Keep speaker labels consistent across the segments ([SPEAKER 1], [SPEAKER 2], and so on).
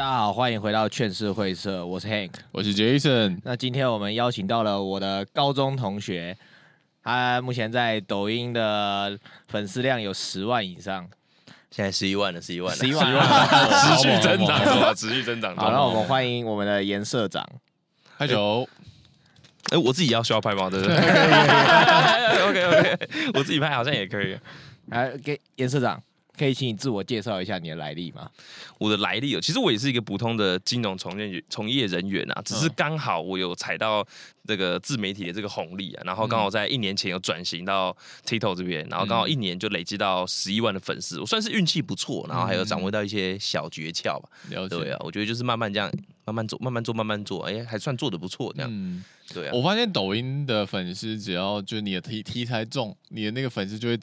[SPEAKER 1] 大家好，歡迎回到勸世會社。我是 Hank，我是 Jason。那今天我們邀請到了我的高中同學，他目前在抖音的粉絲量有十萬以上，現在十一萬了，十一萬了，十一萬，持續增長，持續增長。好，讓我們歡迎我們的顏社長。
[SPEAKER 2] 拍球，
[SPEAKER 1] 哎，哎，
[SPEAKER 3] 哎，我自己要需要拍嗎？對不對
[SPEAKER 2] ？OK
[SPEAKER 1] OK，我自己拍好像也可以。來，啊，給顏社長。可以請你自我介紹一下你的來歷嗎？
[SPEAKER 3] 我的來歷哦，其實我也是一個普通的金融從業從業人員啊，只是剛好我有踩到這個自媒體的這個紅利啊，然後剛好在一年前有轉型到 TikTok 這邊，嗯、然後剛好一年就累積到十一萬的粉絲，我算是運氣不錯，然後還有掌握到一些小
[SPEAKER 2] 訣竅吧。了解，對啊，我覺得就是慢慢這樣，慢慢做，慢慢做，慢慢做，哎，還算做得不錯。這樣，嗯、對啊，我發現抖音的粉絲只要就是你的題題材重，你的那個粉絲就會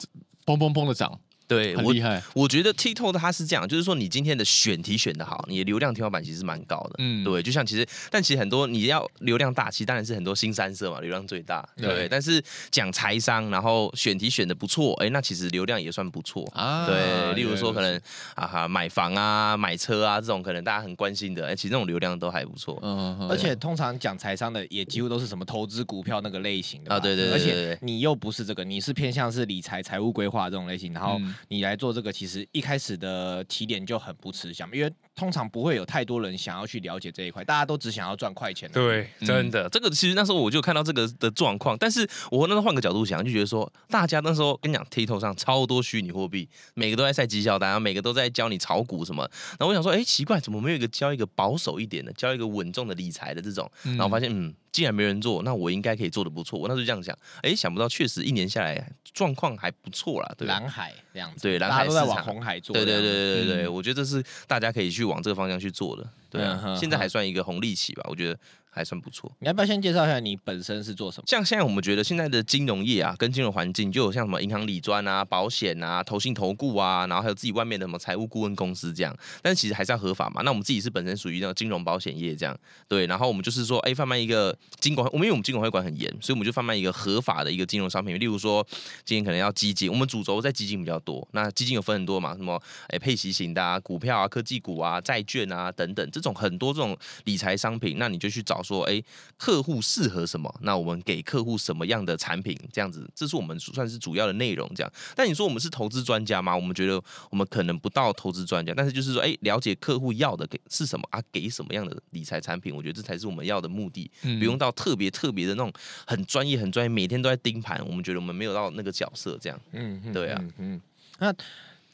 [SPEAKER 2] 砰砰砰的漲。對我，我覺得 TikTok 它是這樣，就是說你今天的
[SPEAKER 3] 選題選的好，你的流量天花板其實是蠻高的。嗯，對，就像其實，但其實很多你要流量大，其實當然是很多新三色嘛，流量最大。對，對但是講財商，然後選題選的不錯，哎，那其實流量也算不錯啊。對，例如說可能啊，哈、啊嗯啊、買房啊，買車啊這種，可能大家很關心的，哎，其實這種流量都還不錯。嗯嗯嗯。哦、而且
[SPEAKER 1] 通常講財商的也幾乎都是什麼投資股票那個類
[SPEAKER 3] 型的啊、哦，對對，對，對，對。而且你又不是這個，你是偏向是理
[SPEAKER 1] 財、財務規劃這種類型，然後、嗯。你來做這個，其實一開始的起點就很不吃香，因為。通常不會有太多人想要去了解這一塊，大家都只想要賺快錢、啊。對，嗯、真的，
[SPEAKER 3] 這個其實那時候我就看到這個的狀況，但是我那時候換個角度想，就覺得說，大家那時候跟你講 TikTok 上超多虛擬貨幣，每個都在曬績效單，每個都在教你炒股什麼。然後我想說，哎、欸，奇怪，怎麼沒有一個教一個保守一點的，教一個穩重的理財的這種？嗯、然後發現，嗯，既然沒人做，那我應該可以做的不錯。我那時候這樣想，哎、欸，想不到，確實一年下來狀況還不錯了，對藍海
[SPEAKER 4] 對，藍海都在往紅海做。對，對對對對對對，嗯、
[SPEAKER 3] 我覺得這是大家可以去。往這個方向去做的。對啊，現在還算一個紅利期吧，我覺得還算不錯。你要不要先介紹一下你本身是做什麼？像現在我們覺得現在的金融業啊，跟金融環境就有像什麼銀行、理專啊、保險啊、投信、投顧啊，然後還有自己外面的什麼財務顧問公司這樣。但其實還是要合法嘛。那我們自己是本身屬於那個金融保險業這樣。對，然後我們就是說，哎、欸，販賣一個金管，我們因為我們金管會管很嚴，所以我們就販賣一個合法的一個金融商品，例如說今天可能要基金，我們主軸在基金比較多。那基金有分很多嘛，什麼哎、欸、配息型的、啊、股票啊、科技股啊、債券啊等等。這種很多這種理財商品，那你就去找說，哎，客戶適合什麼？那我們給客戶什麼樣的產品？這樣子，這是我們算是主要的內容。這樣，但你說我們是投資專家嗎？我們覺得我們可能不到投資專家，但是就是說，哎，了解客戶要的給是什麼啊？給什麼樣的理財產品？我覺得這才是我們要的目的，嗯，不用到特別特別的那種很專業、很專業，每天都在盯盤。我們覺得我們沒有到那個角色。這樣，嗯，嗯，對啊，嗯那。嗯嗯啊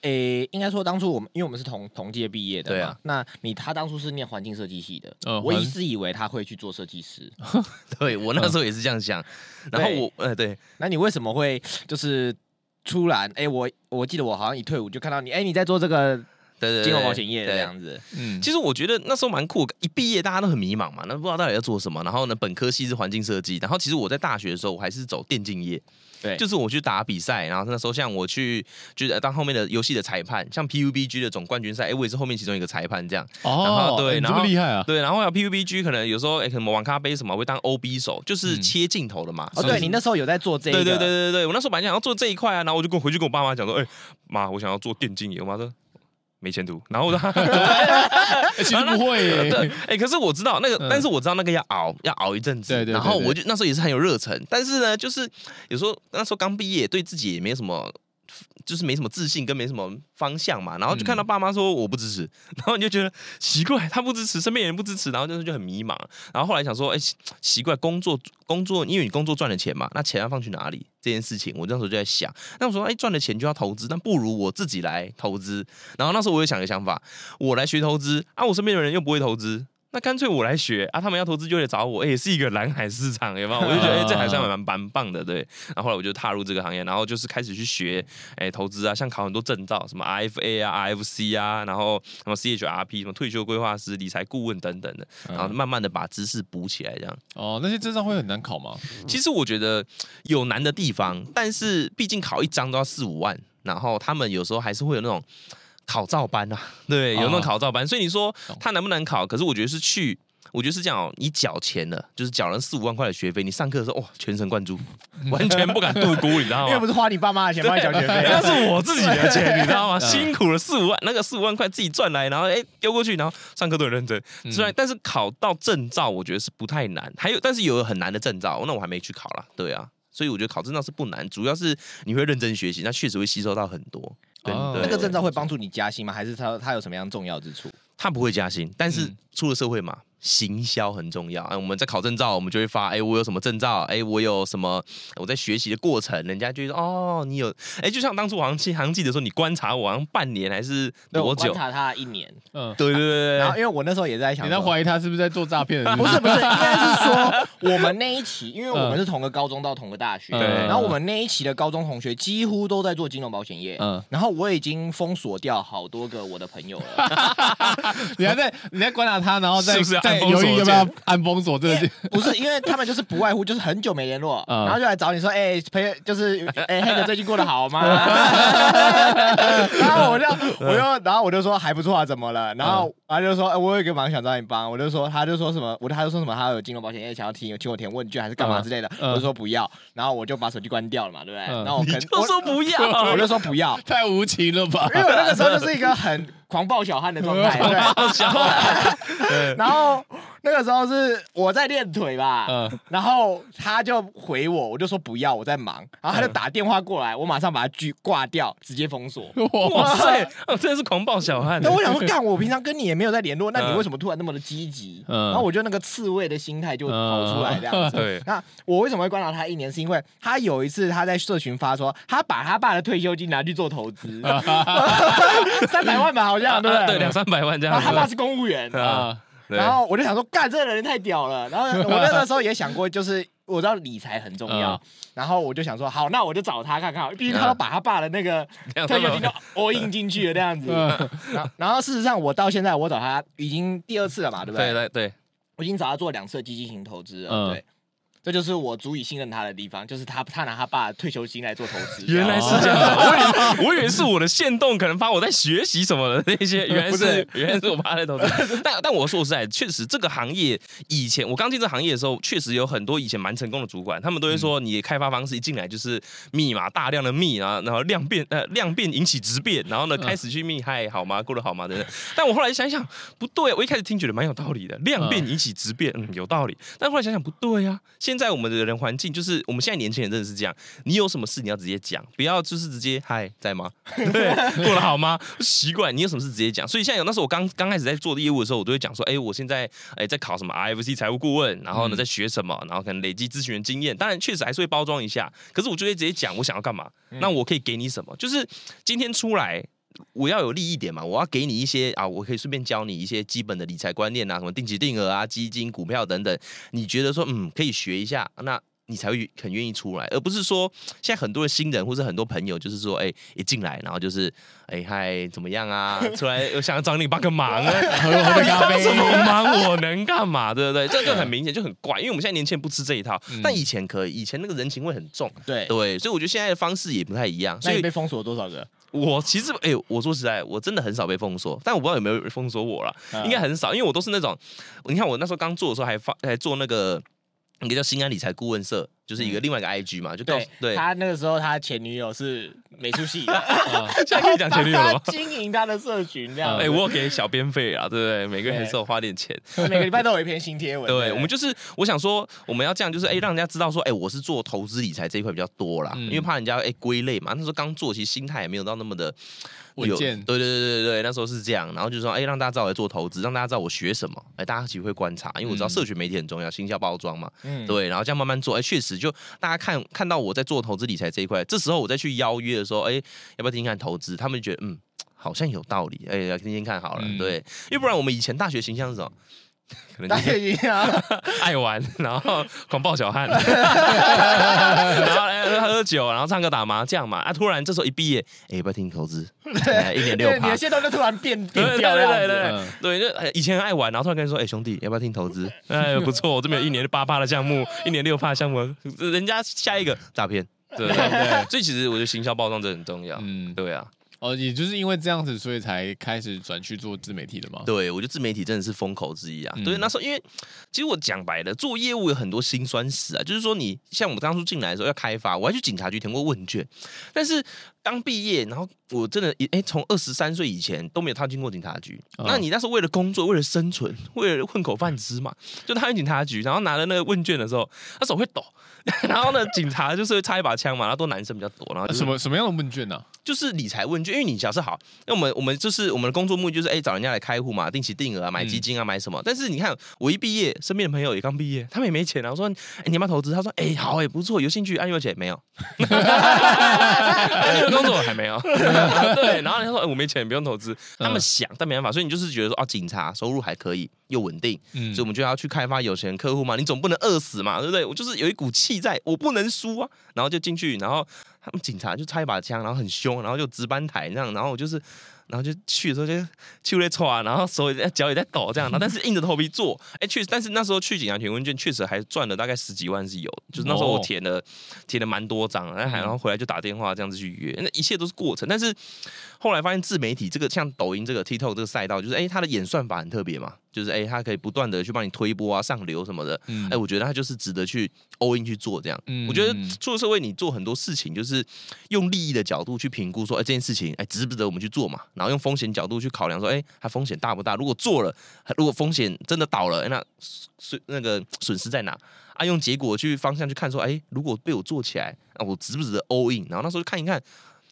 [SPEAKER 3] 誒、欸，應該說當初我們，因為我們是同同屆畢業的
[SPEAKER 4] 嘛，對、啊、
[SPEAKER 1] 那你他當初是念環境設計系的，呃、我一直以為他會去做設計師。嗯、 對，我那時候也是這樣想。嗯、然後我，呃對、欸，對。那你為什麼會就是突然？哎、欸，我我記得我好像一退伍就看到你，哎、欸，你在做這個對對對的金融保險業這樣
[SPEAKER 3] 子。對對對嗯。其實我覺得那時候蠻酷的，一畢業大家都很迷茫嘛，那不知道到底要做什麼。然後呢，本科系是環境設計，然後其實我在大學的時候我還是走電競業。對，就是我去打比賽，然後那時候像我去，就是當後面的遊戲的裁判，像 PUBG 的總冠軍賽，哎、欸，我也是後面其中一個裁判這樣。
[SPEAKER 4] 哦，這麼厲害啊！
[SPEAKER 3] 對，然後 PUBG 可能有時候哎，什、欸、麼玩咖杯什麼，會當 OB 手，就是切鏡頭的嘛。嗯、哦，對，所以你那時候有在做這一個？對對對對對，我那時候本來想要做這一塊啊，然後我就跟我回去跟我爸媽講說，哎、欸、媽，我想要做電競業，我媽說。沒前途，然後其實不會，對，哎、欸，可是我知道那個，但是我知道那個要熬，嗯、要熬一陣子，對對。然後我就那時候也是很有熱忱，對對對對，但是呢，就是有時候那時候剛畢業，對自己也沒有什麼。就是沒什麼自信跟沒什麼方向嘛，然後就看到爸媽說我不支持，嗯，然後你就覺得奇怪，他不支持，身邊人不支持，然後那時候就很迷茫，然後後來想說，哎，奇怪，工作工作，因為你工作賺了錢嘛，那錢要放去哪裡？這件事情，我那時候就在想，那我說，哎，賺了錢就要投資，但不如我自己來投資，然後那時候我也想個想法，我來學投資啊，我身邊的人又不會投資。那乾脆我來學啊！他們要投資就來找我，也、欸、是一個藍海市場，有沒有？我就覺得、欸、這還算蠻蠻棒的。對，然後，後來我就踏入這個行業，然後就是開始去學、欸、投資啊，像考很多證照，什麼 RFA 啊、RFC 啊，然後什麼 CHRP，什麼退休規劃師、理財顧問等等的，然後慢慢的把知識補起來，這樣。哦，那些證照會很難考嗎？其實我覺得有難的地方，但是畢竟考一張都要四五萬，然後他們有時候還是會有那種。考照班吶、啊，對，有那種考照班。哦、所以你說它難不難考？可是我覺得是去，我覺得是這樣哦，你繳錢的就是繳了四五萬塊的學費，你上課的時候哇、哦，全神貫注，完全不敢度估。 你知道嗎？又不是
[SPEAKER 1] 花你爸媽的錢，花對你
[SPEAKER 4] 繳學費，那是我自己的錢，對你知道嗎？嗯、辛
[SPEAKER 3] 苦了，四五萬，那個四五萬塊自己賺來，然後哎丟過去，然後上課都很認真，雖然但是考到證照，我覺得是不太難。還有，但是有很難的證照、哦，那我還沒去考了。對啊，所以我覺得考證照是不難，主要是你會認真學習，那確實會吸收到很多。對，那個證
[SPEAKER 1] 照會幫助你加薪嗎？還是他他有什麼樣重要之處？
[SPEAKER 3] 他不會加薪，但是出了社會嘛。嗯行銷很重要、啊、我們在考證照，我們就會發哎、欸，我有什麼證照？哎、欸，我有什麼？我在學習的過程，人家就會說哦，你有哎、欸，就像當初我好像記，我好像記得說，你觀察我好像半年還是多久？我觀察
[SPEAKER 1] 他一年，嗯，
[SPEAKER 3] 對對對，然後因為
[SPEAKER 1] 我那時候也在想，你在懷疑他是不是在做詐騙？不是不是，應該是說我們那一期，因為我們是同個高中到同個大學，對、嗯。然後我們那一期的高中同學幾乎都在做金融保險業，嗯。然後我已經封鎖掉好多個我的朋友了。嗯、 你還在，
[SPEAKER 2] 你在觀察他，然後在，在是是、啊。有要不要按封鎖？真的是不
[SPEAKER 1] 是？因為他們就是不外乎就是很久沒聯絡，然後就來找你說：“哎，朋友，就是哎，黑哥最近過得好嗎？”然後我就我就然後我就說還不錯啊，怎麼了？然後他就說：“哎，我有一個忙想找你幫。”我就說：“他就說什麼？我就他就說什麼？他有金融保險哎，想要填，請我填問卷還是幹嘛之類的？”我就說不要，然後我就把手機關掉了嘛，對不對？然後我肯我說不要，我就說不要，太無
[SPEAKER 2] 情了吧？因為我那個時候就是一個很。
[SPEAKER 1] 狂暴小漢的狀態，對，然後。那個時候是我在練腿吧，嗯、然後他就回我，我就說不要，我在忙，然後他就打電話過來，我馬上把他拒掛掉，直接封鎖。哇塞，真的塞是狂暴小漢。那我想說，幹我平常跟你也沒有在聯絡，那你為什麼突然那麼的積極？嗯、然後我就那個刺蝟的心態就跑出來這樣子。嗯嗯、對，那我為什麼會關照他一年？是因為他有一次他在社群發說，他把他爸的退休金拿去做投資，啊、 三百萬吧，
[SPEAKER 3] 好像，啊、對、對、啊、對、對兩三百萬這
[SPEAKER 1] 樣，他爸是公務員啊。嗯然後我就想說，幹這個、人太屌了。然後我那那時候也想過，就是我知道理財很重要。嗯、然後我就想說，好，那我就找他看看，畢竟他都把他爸的那個退休、嗯、金都 all in、嗯、進去了這樣子。嗯、然，後然後事實上，我到現在我找他已經第二次了嘛，對不對？對對對，對對我已經找他做兩次基金型投資了，嗯、對。這就是我足以信任他的地方，就是他他拿他爸退休金來做投資。原來是這樣
[SPEAKER 3] 我以為我以為是我的限動可能發我在學習什麼的那些，原來是，是原來是我爸在投資。 但但我說實在，確實這個行業以前我剛進這行業的時候，確實有很多以前蠻成功的主管，他們都會說，你開發方式一進來就是密碼大量的密啊，然後量變呃量變引起質變，然後呢、嗯、開始去密害好嗎？過得好嗎？等等。但我後來想想不對，我一開始聽覺得蠻有道理的，量變引起質變，嗯，嗯，有道理。但後來想想不對呀，現現在我們的人環境就是，我們現在年輕人真的是這樣。你有什麼事，你要直接講，不要就是直接嗨，Hi, 在嗎？ 對，過得好嗎？習慣。 你有什麼事直接講。所以現在有那時候我剛剛開始在做的業務的時候，我都會講說，哎、欸，我現在、欸、在考什麼 RFC 財務顧問，然後呢、嗯、在學什麼，然後可能累積諮詢的經驗。當然確實還是會包裝一下，可是我就會直接講我想要幹嘛，嗯、那我可以給你什麼？就是今天出來。我要有利益點嘛，我要給你一些啊，我可以順便教你一些基本的理財觀念啊，什麼定期定額啊、基金、股票等等。你覺得說，嗯，可以學一下，那你才會很願意出來，而不是說現在很多的新人或者很多朋友就是說哎、欸、一進來，然後就是哎、欸、嗨，怎麼樣啊，出來，我想要找你幫個忙， 喝杯咖啡。我 麼忙？ 我能幹嘛？對不對？這個就很明顯，就很怪。因為我們現在年輕人不吃這一套，嗯、但以前可以，以前那個人情味很重。對對，所以我覺得現在的方式也不太一樣。所以你被
[SPEAKER 1] 封鎖了多少個？
[SPEAKER 3] 我其實，哎、欸，我說實在，我真的很少被封鎖，但我不知道有沒有封鎖我啦，啊、應該很少，因為我都是那種，你看我那時候剛做的時候還發，還做那個，那個叫新安理財顧問社。就是一個另外一個 IG 嘛，就對對，他
[SPEAKER 1] 那個時候他前女友是
[SPEAKER 3] 美術系的，現在可以講前女友了嗎？
[SPEAKER 1] 經營他的社群這樣，哎，我有給
[SPEAKER 3] 小編費啊，對不對？每個人很少花點錢，
[SPEAKER 1] 每個禮拜都有一篇新貼文。對，我們就是，
[SPEAKER 3] 我想說，我們要這樣，就是哎，讓人家知道說，哎，我是做投資理財這一塊比較多啦，因為怕人家哎歸類嘛。那時候剛做，其實心態也沒有到那麼的穩健。對對對對對，那時候是這樣。然後就是說，哎，讓大家知道我在做投資，讓大家知道我學什麼。哎，大家其實會觀察，因為我知道社群媒體很重要，行銷包裝嘛。嗯，對。然後這樣慢慢做，哎，確實。就大家看，看到我在做投資理財這一塊，這時候我再去邀約的時候，哎，要不要聽聽看投資？他們覺得嗯，好像有道理，哎，要聽聽看好了。嗯，對，要不然我們以前大學形象是什麼？可能打野贏啊， 愛玩，然後狂暴小漢， 然後喝，喝酒，然後唱歌打麻將嘛。啊，突然這時候一畢業，哎、欸，要不要聽投資？
[SPEAKER 1] 一對年六。你的現狀就突然變變掉了，對對對
[SPEAKER 3] 對對，嗯、對，對、欸、以前愛玩，然後突然跟你說，哎，兄弟，要不要聽投資？哎、欸，不錯，這邊有一年八趴的項目，一年六趴的項目，
[SPEAKER 2] 人家下一個詐騙，對對對，對對，所以其實我覺得行銷包裝這很重要。對、嗯、對啊。哦，也就是因為這樣子，所以才開始轉去做自媒體的嘛。
[SPEAKER 3] 對，我覺得自媒體真的是風口之一啊。嗯、對，那時候，因為其實我講白了，做業務有很多辛酸史啊。就是說你，你像我們當初進來的時候要開發，我還去警察局填過問卷，但是。剛畢業，然後我真的也哎，從二十三歲以前都沒有踏進過警察局。哦、那你那時候為了工作，為了生存，為了混口飯吃嘛？嗯、就踏進警察局，然後拿了那個問卷的時候，他手會抖。 然後呢，警察就是會插一把槍嘛，然後都男生比較多。然後、就是、什麼什麼樣的問卷呢、啊？就是理財問卷，因為你小時候假設好，那我們我們就是我們的工作目的就是哎、欸，找人家來開戶嘛，定期定額、啊、買基金啊，嗯、買什麼？但是你看我一畢業，身邊的朋友也剛畢業，他們也沒錢然、啊、後說哎、欸，你要不要投資？他說哎、欸，好哎、欸，不錯，有興趣，按有錢沒有？ S 2笑工作還沒有， 對，然後他說：“哎、欸，我沒錢，不用投資。嗯”他們想，但沒辦法，所以你就是覺得說啊，警察收入還可以，又穩定，嗯、所以我們就要去開發有錢客戶嘛。你總不能餓死嘛，對不對？我就是有一股氣在，我不能輸啊。然後就進去，然後他們警察就差一把槍，然後很凶，然後就值班台這樣，然後我就是。然後就去的時候就去一穿，然後手也在，腳也在抖這樣。然後但是硬着頭皮做，哎、 欸、確實，但是那時候去警察填問卷確實還賺了大概十幾萬是有，就是那時候我填了、哦、填了蠻多張，然後回來就打電話這樣子去約。嗯、那一切都是過程，但是後來發現自媒體這個像抖音這個 TikTok、ok、這個賽道，就是哎、欸、它的演算法很特別嘛。就是哎、欸，他可以不斷的去幫你推波啊，上流什麼的，哎、嗯欸，我覺得他就是值得去 all in 去做這樣。嗯嗯，我覺得出社會你做很多事情，就是用利益的角度去評估說，哎、欸，這件事情哎、欸、值不值得我們去做嘛？然後用風險角度去考量說，哎、欸，它風險大不大？如果做了，如果風險真的倒了，欸、那損那個損失在哪啊？用結果去方向去看說，哎、欸，如果被我做起來，啊，我值不值得 all in？然後那時候看一看，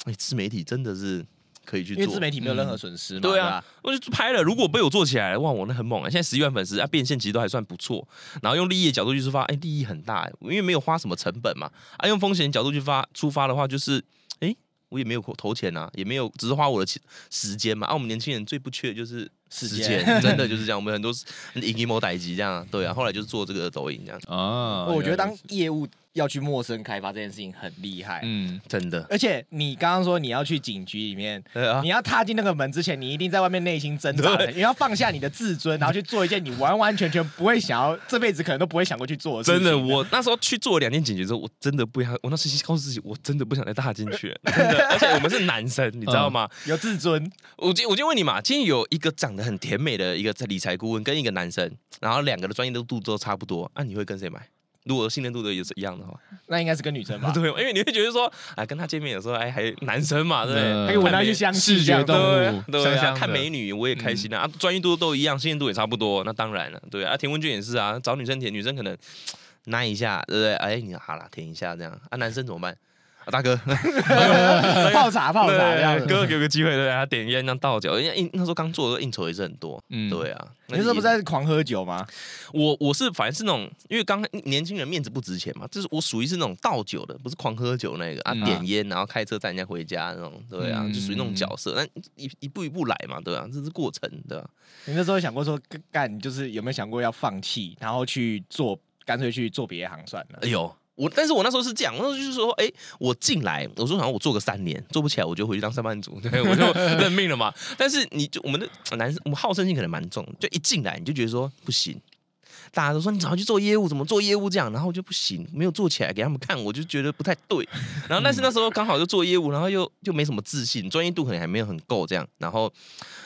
[SPEAKER 3] 哎、欸，自媒體真的是。可以去做，因為自媒體沒有任何損失嘛、嗯。對啊，我就拍了。如果被我做起來，哇，我那很猛啊、欸！現在十一萬粉絲啊，變現其實都還算不錯。然後用利益的角度去出發，哎、欸，利益很大、欸，因為沒有花什麼成本嘛。啊，用風險角度去出發出發的話，就是哎、欸，我也沒有投錢吶、啊，也沒有，只是花我的錢時時間嘛。啊，我們年輕人最不缺的就是時間，時間。真的就是這樣。我們很多引雞毛逮雞這樣，對啊。後來就是做這個抖音這樣啊。我覺得當
[SPEAKER 1] 業務。要去陌生開發這件事情很厲害，嗯，真的。而且你剛剛說你要去警局裡面，啊、你要踏進那個門之前，你一定在外面內心掙扎的，對你要放下你的自尊，然後去做一件你完完全全不會想要， 這輩子可能都不會想過去做的事的。真
[SPEAKER 3] 的，我那時候去做兩件警局之後，我真的不想，我那時候告訴自己，我真的不想再踏進去。而且我們是男生，你知道嗎？嗯、有自尊。我就我就問你嘛，今天有一個長得很甜美的一個理財顧問跟一個男生，然後兩個的專業都度都都差不多，那、啊、你會跟誰買？如果信任度的也是一樣的話，
[SPEAKER 1] 那應該是跟女生嘛， 對，因為你會覺得說，
[SPEAKER 3] 哎、啊，跟他見面有時候，哎，還男生嘛，對不對？還有聞到一些香，美嗯、視覺動物，對啊，對啊對啊，看美女我也開心啊，專、嗯啊、業度都一樣，信任度也差不多，那當然了，對啊，填問卷，也是啊，找女生填，女生可能耐一下，對不對？哎，你好了，填一下這樣，啊，男生怎麼辦？啊大哥， 泡茶泡茶這樣，哥哥給我個機會對他、啊、點煙，讓倒酒。人家應那時候剛做的應酬也是很多，對啊。嗯、那時候不是在狂喝酒嗎？我我是反正是那種，因為剛年輕人面子不值錢嘛，就是我屬於是那種倒酒的，不是狂喝酒那個。嗯、啊，點煙，然後開車載人家回家那種，對啊，就屬於那種角色。那、嗯、一一步一步來嘛，對啊。這是過程的。
[SPEAKER 4] 對啊、你
[SPEAKER 1] 那時候想過說幹，就是有沒有想過要放棄，然後去做，乾脆去做別的行
[SPEAKER 3] 算了？哎呦。我，但是我那時候是這樣，我那時候就是說，哎、欸，我進來，我說好像我做個三年，做不起來我就回去當上班族，對，我就認命了嘛。 但是你就我們的男生，我們好勝心可能蠻重，就一進來你就覺得說不行。大家都說你怎麼去做業務？怎麼做業務這樣？然後就不行，沒有做起來給他們看，我就覺得不太對。然後，但是那時候剛好就做業務，然後又就沒什麼自信，專業度可能還沒有很夠這樣。然後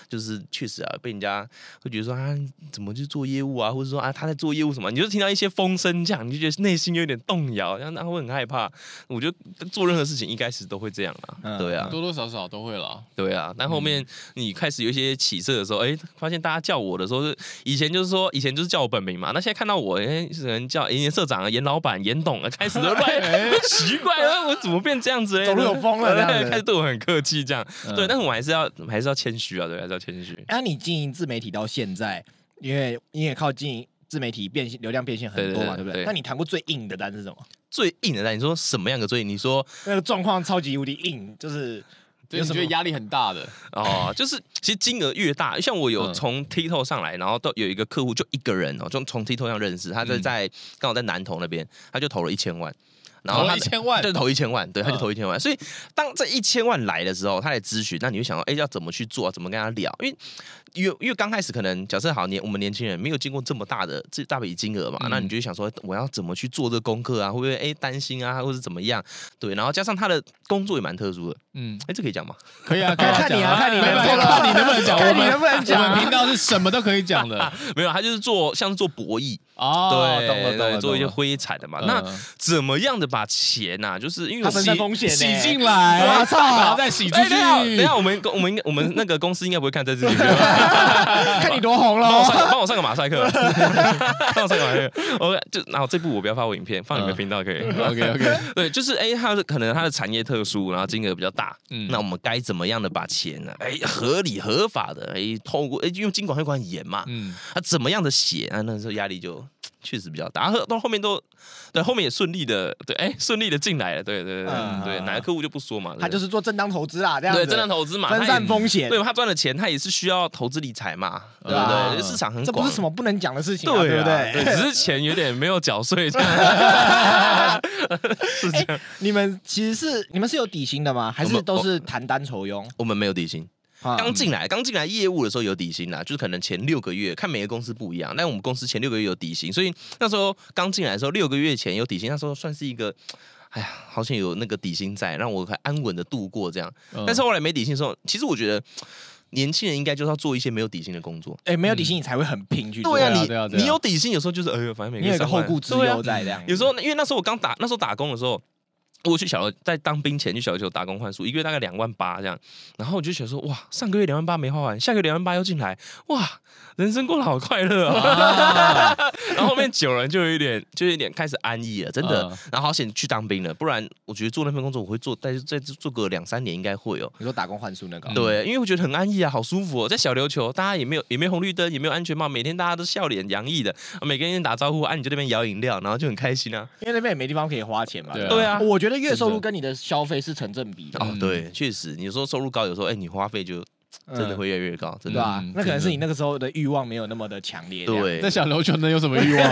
[SPEAKER 3] 就是確實啊，被人家會覺得說啊，怎麼去做業務啊？或者說啊，他在做業務什麼？你就聽到一些風聲這樣，你就覺得內心有點動搖，然後那會很害怕。我覺得做任何事情一開始都會這樣啊，對啊，多
[SPEAKER 2] 多少少都會啦，
[SPEAKER 3] 對啊。但後面你開始有一些起色的時候，哎、欸，發現大家叫我的時候是以前就是說以前就是叫我本名嘛。那現在看到我，哎、欸，有人叫顏、欸、社長、顏老板、顏董，開始亂怪 奇怪了，我怎麼變這樣子嘞、欸？走路有風了這，這對開始對我很客氣，這樣、嗯、對，但是我還是要還是要謙虛啊，對，還是要謙虛。
[SPEAKER 1] 那、啊、你經營自媒體到現在，因為你也靠經營自媒體變流量變現很多嘛，對，對，對，對不對？對對對，那你談過最硬的單是什麼？
[SPEAKER 3] 最硬的單，你說什麼樣的最硬？你說那個狀況超級無敵硬，就是。
[SPEAKER 2] 對有什麼壓力很大的
[SPEAKER 3] 哦？就是其實金額越大，像我有從 TikTok 上來，然後到有一個客戶就一個人哦，就從 TikTok 上認識，他就在剛、嗯、好在南投那邊，他就投了一千萬，然後他、哦、一千萬他就投一千萬，對，嗯、他就投一千萬。所以當這一千萬來的時候，他來諮詢，那你就想說，哎、欸，要怎麼去做，怎麼跟他聊？因為因為剛開始可能假設好年我們年輕人沒有經過這麼大的這大筆金額嘛，嗯、那你就想說我要怎麼去做這個功課啊？會不會哎擔、欸、心啊？或者怎麼樣？對，然後加上他的工作也蠻特殊的。嗯，哎，這可以講嗎？可以啊，看你啊，看你啊，看你能不能講，看你能不能講。我們頻道是什麼都可以講的，沒有，他就是做，像是做博弈哦，對，懂了懂了，做一些灰產的嘛。那怎麼樣的把錢吶，就是因為我們的風險，洗進來，我操，然後再洗出去。等一下，我們我們我們那個公司應該不會看在這裡。上個馬賽克， 上個馬賽克 ，OK，就然後這部我不要發我影片，放你們頻道可以、 uh,，OK OK，對，就是 A，、欸、他的可能他的產業特殊，然後金額比較大，嗯，那我們該怎麼樣的把錢呢、啊？哎、欸，合理合法的，哎、欸，透過哎、欸，因為金管會管很嚴嘛，嗯，他怎麼樣的寫、啊，那那時候壓力就。確實比較大，然後到後面都，對，後面也順利的，對，哎，順利的進來了，對對對、嗯、對，哪個客戶就不說嘛，他就是做
[SPEAKER 1] 正當投資啊這樣子對，正當投資嘛，分散風險，對，
[SPEAKER 3] 他賺的錢，他也是需要投資理財嘛，對，啊、對不對？市場很廣，這不是什
[SPEAKER 1] 麼不能講的事情、啊，對，啊、對不對，對、啊、對？只
[SPEAKER 3] 是錢有點沒有繳稅。 是這樣，你們其實是你們是有底薪的嗎？還是都是談單抽佣？我們沒有底薪。剛進來，剛進來業務的時候有底薪吶，就是可能前六個月看每個公司不一樣，但我們公司前六個月有底薪，所以那時候剛進來的時候，六個月前有底薪，那時候算是一個，哎呀，好像有那個底薪在，讓我很安穩的度過這樣。嗯、但是後來沒底薪的時候，其實我覺得年輕人應該就是要做一些沒有底薪的工作，哎、欸，沒有底薪你才會很拼去、嗯啊啊。對呀、啊，你、啊、你有底薪有時候就是哎呦，反正沒有一個後顧之憂在這樣。啊、有時候因為那時候我剛打那時候打工的時候。我去小琉，在當兵前去小琉球打工換宿，一個月大概兩萬八這樣。然後我就想說，哇，上個月兩萬八沒花完，下個月兩萬八又進來，哇，人生過得好快樂哦。然後後面久了就有一點，就有一點開始安逸了，真的。啊、然後好險去當兵了，不然我覺得做那份工作我會做，但是再做個兩三年應該會哦。你說打工換宿那個、啊？對，因為我覺得很安逸啊，好舒服哦，在小琉球，大家也沒有也沒有紅綠燈，也沒有安全帽，每天大家都笑臉洋溢的，每個人打招呼，按、啊、你就那邊搖飲料，然後就很開心啊，
[SPEAKER 1] 因為那邊也沒地方可以花錢
[SPEAKER 3] 嘛。對啊，對啊、我覺得。月收入
[SPEAKER 1] 跟你的消費是成正比
[SPEAKER 3] 的啊！對，確實，你說收入高，有時候哎，你花費就真的會越來越高，對吧？
[SPEAKER 1] 那可能是你那個時候的欲
[SPEAKER 3] 望沒有那麼的強
[SPEAKER 4] 烈。對，那小
[SPEAKER 2] 琉球能有什麼欲望？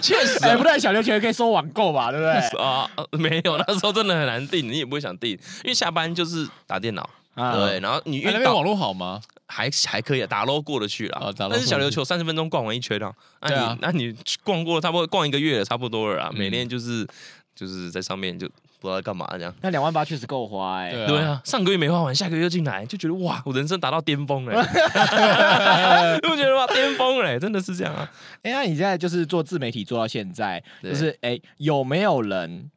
[SPEAKER 2] 確實，不對，小琉球可以收網購吧，對不
[SPEAKER 3] 對？啊，沒有，那時候真的很難定，你也不會想定，因為下班就是打電腦。對，然後你那邊網絡好嗎？還還可以，打嘍過得去了。但是小琉球三十分鐘逛完一圈啊，那你那你逛過了，差不多逛一個月也差不多了啊。每天就是就是在上面就。不知道幹嘛這樣，那兩萬八確實夠花哎、欸。對啊，對啊上個月沒花完，下個月又進來，就覺得哇，我人生達到巔峰哎，不 覺得哇，巔峰哎，真的是這樣啊。哎、欸，那、啊、你現在就是做自媒體做到現在，對就是哎、
[SPEAKER 1] 欸，有沒有人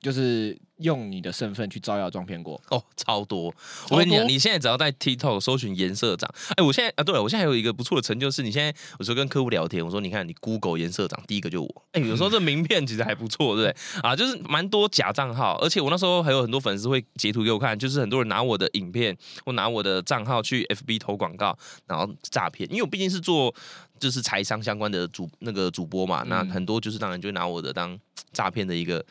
[SPEAKER 1] 就是？用你的身份去招搖撞騙過？
[SPEAKER 3] 哦，超多！超多我跟你講，你現在只要在 TikTok 搜尋“顏社長”，哎、欸，我現在啊，對了，我現在還有一個不錯的成就，是，你現在我說跟客戶聊天，我說你，你看你 Google 顏社長，第一個就我。哎、欸，有時候這名片其實還不錯，對不對？嗯、啊，就是蠻多假賬號，而且我那時候還有很多粉絲會截圖給我看，就是很多人拿我的影片或拿我的賬號去 FB 投廣告，然後詐騙。因為我畢竟是做就是財商相關的主那個主播嘛，那很多就是當然就拿我的當詐騙的一個。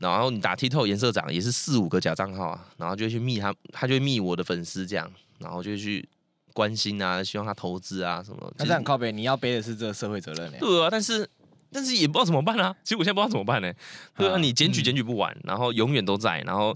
[SPEAKER 3] 然後你打 TikTok 顏社長也是四五個假賬號啊，然後就會去密他，他就會密我的粉絲這樣，然後就會去關心啊，希望他投資啊什麼。其實是很靠北，你要背的是這個社會責任。對啊，但是但是也不知道怎麼辦啊。其實我現在不知道怎麼辦呢、欸。哈對啊，你檢舉檢舉不完，嗯、然後永遠都在，然後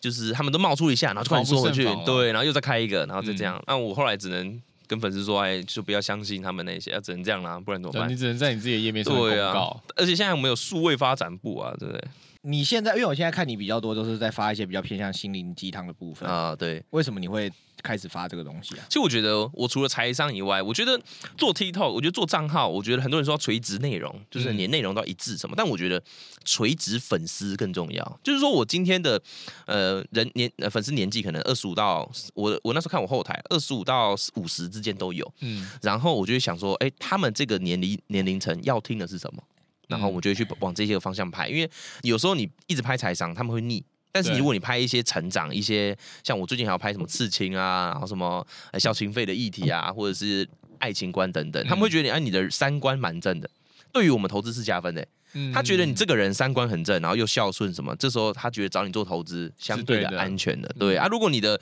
[SPEAKER 3] 就是他們都冒出一下，然後突然說回去。對，然後又再開一個，然後再這樣。那、嗯、我後來只能。跟粉絲說哎，就不要相信他們那些，要只能這樣啦，不然怎麼辦？你只能在你自己的頁面上搞。而且現在我們有數位發展部啊，對不對？
[SPEAKER 1] 你現在，因為我現在看你比較多，都是在發一些比較偏向心靈雞湯的部分啊。對，為什麼你會？開始發這個東西
[SPEAKER 3] 啊！其實我覺得，我除了財商以外，我覺得做 TikTok，我覺得做賬號，我覺得很多人說垂直內容就是連內容都要一致什麼，嗯、但我覺得垂直粉絲更重要。就是說我今天的呃人年粉絲年紀可能二十五到我我那時候看我後台二十五到五十之間都有，嗯、然後我就想說，哎、欸，他們這個年齡年齡層要聽的是什麼？然後我就去往這些方向拍，嗯、因為有時候你一直拍財商，他們會膩。但是如果你拍一些成長，對一些像我最近還要拍什麼刺青啊，然後什麼孝心費的議題啊，或者是愛情觀等等，嗯、他們會覺得你哎、啊、你的三觀蠻正的，對於我們投資是加分的、欸。嗯、
[SPEAKER 4] 他覺得你
[SPEAKER 3] 這個人三觀很正，然後又孝順什麼，這時候他覺得找你做投資相對的安全的，對，的對、嗯、啊。如果你的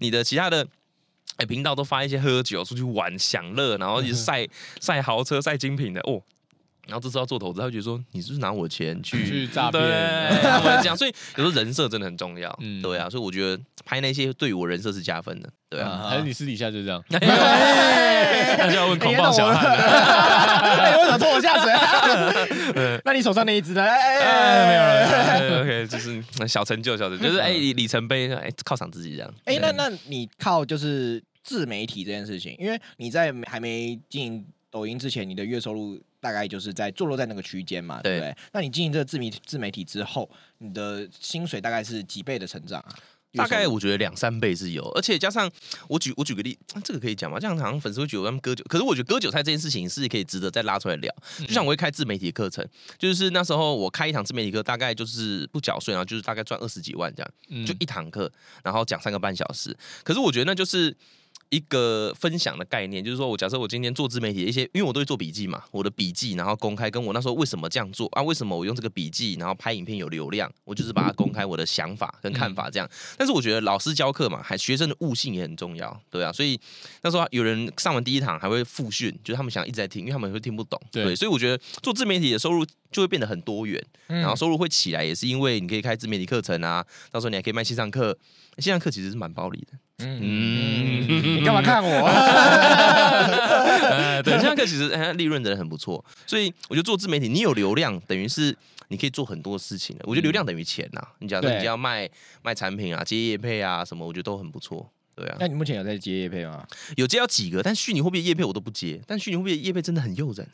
[SPEAKER 3] 你的其他的哎頻、欸、道都發一些喝酒、出去玩、享樂，然後一是曬曬、嗯、豪車、曬精品的哦。然後這次要做投資，他會覺得說：“你是不是拿我錢去詐騙？”這樣，所以有時候人設真的很重要。對啊，所以我覺得拍那些對我人設是加分的，對啊。還是你私底下就這樣，那就要問恐暴小潘，為什麼拖我下水？那你手
[SPEAKER 1] 上那一只呢？哎哎，沒有了。
[SPEAKER 3] OK，就是小成就，小成就，就是哎里程碑，哎靠場自己這樣。哎，那
[SPEAKER 1] 那你靠就是自媒體這件事情，因為你在還沒進抖音之前，你的月收入。大概就是在坐落在那個區間嘛，對不對？對。那你經營這個自媒體自媒體之後，你的薪水大概是幾倍的成長啊？大概我
[SPEAKER 3] 覺得兩三倍是有，而且加上我舉我舉個例、啊，這個可以講嗎？這樣好像粉絲會覺得他們割韭，可是我覺得割韭菜這件事情是可以值得再拉出來聊。嗯、就像我會開自媒體課程，就是那時候我開一堂自媒體課，大概就是不繳稅啊，然後就是大概賺二十幾萬這樣，嗯、就一堂課，然後講三個半小時。可是我覺得那就是。一個分享的概念，就是說我假設我今天做自媒體，一些因為我都會做筆記嘛，我的筆記然後公開，跟我那時候為什麼這樣做啊？為什麼我用這個筆記，然後拍影片有流量，我就是把它公開我的想法跟看法這樣。 但是我覺得老師教課嘛，還學生的悟性也很重要，對啊。所以那時候有人上完第一堂還會復訓，就是他們想一直在聽，因為他們會聽不懂，對，對。所以我覺得做自媒體的收入就會變得很多元，然後收入會起來也是因為你可以開自媒體課程啊，嗯、到時候你還可以賣線上課，線上課其實是蠻暴利的。嗯，嗯，你幹嘛看我？很像課，其實哎，利潤真的人很不錯，所以我覺得做自媒體，你有流量，等於是你可以做很多事情，嗯、我覺得流量等於錢啊。你假設對你就要賣賣產品啊，接業配啊什麼，我覺得都很不錯。對啊，那你目前有在接業配嗎？ 有接了幾個，但虛擬貨幣業配我都不接，但虛擬貨幣業配真的很誘人。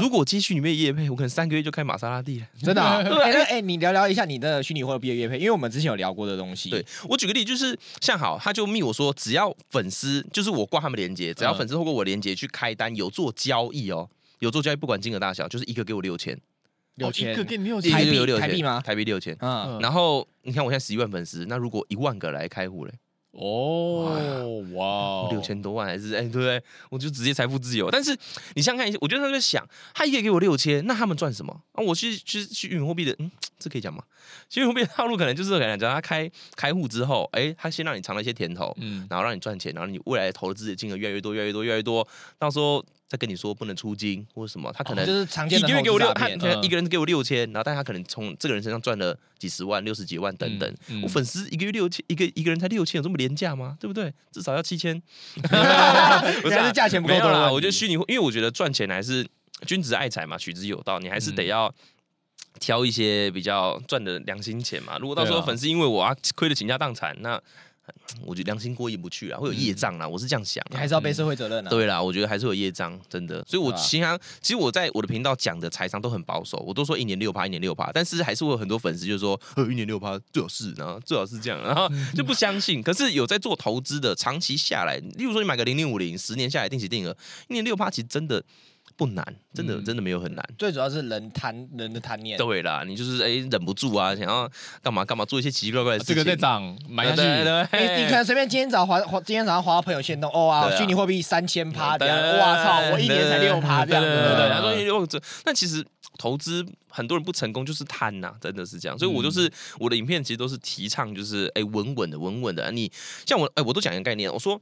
[SPEAKER 3] 如果繼續你沒有業配，我可能三個月就開瑪莎拉蒂了，真的，啊。 對，哎你聊聊一下你的虛擬貨幣的業配，因為我們之前有聊過的東西。對，我舉個例，就是像好，他就密我說，只要粉絲，就是我掛他們鏈接，只要粉絲透過我鏈接去開單，有做交易哦，喔，有做交易，不管金額大小，就是一個給我，哦，六千，一個給你六千，台幣一個給六千，六千台幣嗎？台幣六千。嗯。然後你看我現在十一萬粉絲，那如果一萬個來開戶嘞？哦，哇呀，哇哦，六千多萬還是哎，欸，對不對？我就直接財富自由。但是你想想看，我覺得他在想，他一個給我六千，那他們賺什麼？那，啊，我去去去，去虛擬貨幣的，嗯，這可以講嗎？虛擬貨幣的套路可能就是這樣講，他開開戶之後，哎，欸，他先讓你嘗了一些甜頭，嗯，然後讓你賺錢，然後你未來的投資的金額越來越多，越來越多，越來越多，到時候。再跟你說不能出金或者什麼，他可能一個月給我六千，一個人給我六千，然後但他可能從這個人身上賺了幾十萬、六十幾萬等等。嗯嗯、我粉絲一個月六千，一個一個人才六千，有這麼廉價嗎？對不對？至少要七千。 我覺得價錢不夠啦。我覺得虛擬因為我覺得賺錢還是君子愛財嘛，取之有道，你還是得要挑一些比較賺的良心錢嘛。如果到時候粉絲因為我虧、啊、得傾家蕩產，那。我覺得良心過意不去啊，會有業障啊，嗯、我是這樣想的。你還是要背社會責任的。對啦，我覺得還是會有業障，真的。所以我其，我平常其實我在我的頻道講的財商都很保守，我都說一年六趴，一年六趴。但是，還是會有很多粉絲就說，呃，一年六趴最好是，然後最好是這樣，然後就不相信。 可是，有在做投資的，長期下來，例如說你買個零零五零，十年下來定期定額，一年六趴，其實真的。不難，真的、嗯、真的沒有很難。
[SPEAKER 1] 最主要是人貪人的貪念。
[SPEAKER 3] 對啦，你就是哎忍不住啊，想要幹嘛幹嘛，做一些奇奇怪怪的事情。啊、這個在漲，蠻厲害的。你你可能
[SPEAKER 1] 隨便今天早滑滑，今天早上滑到朋友圈都哇，虛擬貨幣三千趴這樣。
[SPEAKER 3] 對對對，哇操，我一年才六趴這樣。對對對那其實投資。很多人不成功就是貪吶、啊，真的是這樣，所以我就是、嗯、我的影片其實都是提倡，就是哎穩穩的，穩穩的。啊、你像我，哎、欸，我都講一個概念，我說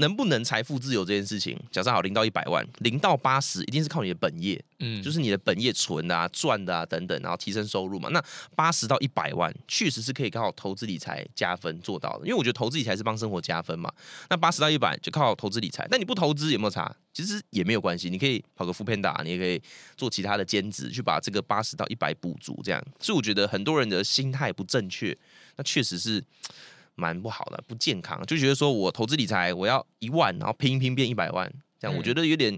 [SPEAKER 3] 能不能財富自由這件事情，假設好零到一百萬，零到八十一定是靠你的本業，嗯，就是你的本業存啊的啊、賺的啊等等，然後提升收入嘛。那八十到一百萬，確實是可以靠投資理財加分做到的，因為我覺得投資理財是幫生活加分嘛。那八十到一百就靠投資理財，那你不投資有沒有差？其實也沒有關係，你可以跑個 Foodpanda，你也可以做其他的兼職去把這個八。八十到一百不足，這樣是我覺得很多人的心態不正確，那確實是蠻不好的，不健康。就覺得說我投資理財我要一萬，然後拼一拼變一百萬，這樣、嗯、我覺得有點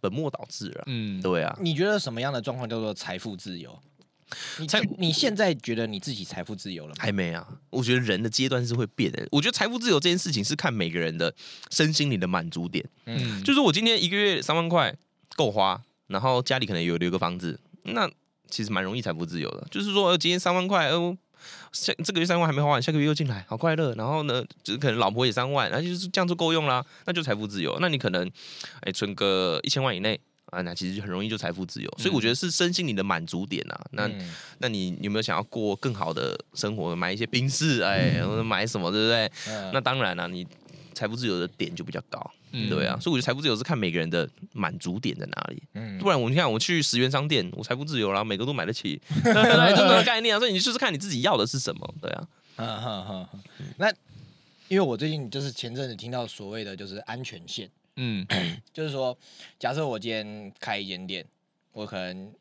[SPEAKER 3] 本末倒置了、啊。嗯，對啊。你
[SPEAKER 1] 覺得什麼樣的狀況叫做財富自由？
[SPEAKER 3] 你才你現在覺得你自己財富自由了嗎？還沒啊。我覺得人的階段是會變的。我覺得財富自由這件事情是看每個人的身心靈的滿足點。嗯，就是我今天一個月三萬塊夠花，然後家裡可能有六個房子，那。其實蠻容易財富自由的，就是說今天三萬塊，呃，下這個月三萬還沒花完，下個月又進來，好快樂。然後呢，只是可能老婆也三萬、啊，那就是這樣子夠用啦，那就財富自由。那你可能哎、欸、存個一千萬以內啊，那其實就很容易就財富自由。所以我覺得是深信你的滿足點吶、啊。那那你有沒有想要過更好的生活，買一些賓士，哎，買什麼對不對？那當然了、啊，你。財富自由的點就比較高，嗯，對啊，嗯、所以我覺得財富自由是看每個人的滿足點在哪裡，嗯，不然我你看我去十元商店，我財富自由，然後每個都買得起，
[SPEAKER 4] 哈哈，這種概念啊，
[SPEAKER 3] 所以你就是看你自己要的是什麼，對啊，
[SPEAKER 1] 哈哈、啊啊啊，那因為我最近就是前陣子聽到所謂的就是安全線，嗯， 就是說假設我今天開一間店，我可能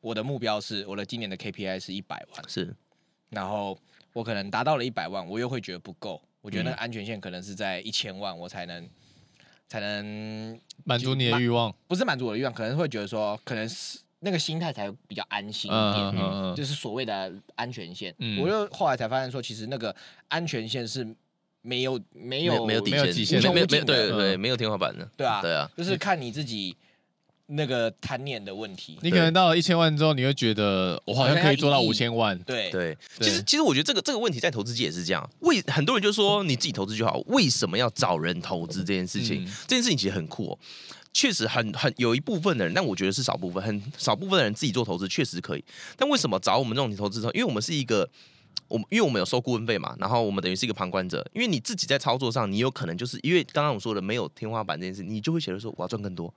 [SPEAKER 1] 我的目標是我的今年的 KPI 是一百萬，是，然後我可能達到了一百萬，我又會覺得不夠。我覺得那個安全線可能是在一千萬，我才能才能滿足你的欲望，不是滿足我的欲望，可能會覺得說，可能是那個心態才比較安心一點，就是所謂的安全線。嗯，我就後來才發現說，其實那個安全線是沒有沒有沒有底
[SPEAKER 4] 線，沒有沒有沒有對對沒有天花、嗯、板的，對啊對啊，對啊
[SPEAKER 2] 就
[SPEAKER 1] 是看你自己。嗯那個貪念的問題，對你可能
[SPEAKER 2] 到了一千萬之後，你會覺得我好像可以做到五千萬。對對，對對其實其實我覺得這個這個問題在投資界也是這樣。
[SPEAKER 3] 為很多人就說你自己投資就好，為什麼要找人投資這件事情？嗯、這件事情其實很酷、喔，確實很很有一部分的人，但我覺得是少部分，很少部分的人自己做投資確實可以。但為什麼找我們這種你投資之後？因為我們是一個，我因為我們有收顧問費嘛，然後我們等於是一個旁觀者。因為你自己在操作上，你有可能就是因為剛剛我說的沒有天花板這件事，你就會覺得說我要賺更多。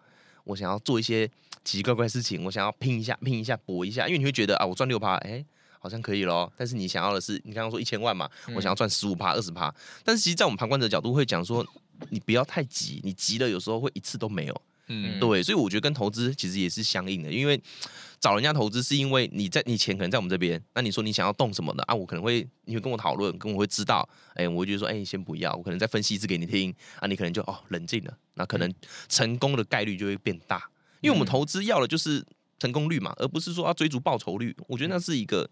[SPEAKER 3] 我想要做一些奇奇怪怪的事情，我想要拼一下，拼一下、拼一下、搏一下，因為你會覺得啊，我賺六趴，誒、欸，好像可以咯，但是你想要的是，你剛剛說一千萬嘛，嗯、我想要賺十五趴、二十趴。但是其實，在我們旁觀者的角度會講說，你不要太急，你急了有時候會一次都沒有。嗯，對，所以我覺得跟投資其實也是相應的，因為找人家投資是因為你在你錢可能在我們這邊，那你說你想要動什麼的啊，我可能會你會跟我討論，跟我會知道，哎，我就說哎，你先不要，我可能再分析一次給你聽啊，你可能就哦冷靜了，那可能成功的概率就會變大，因為我們投資要的就是成功率嘛，而不是說要追逐報酬率，我覺得那是一個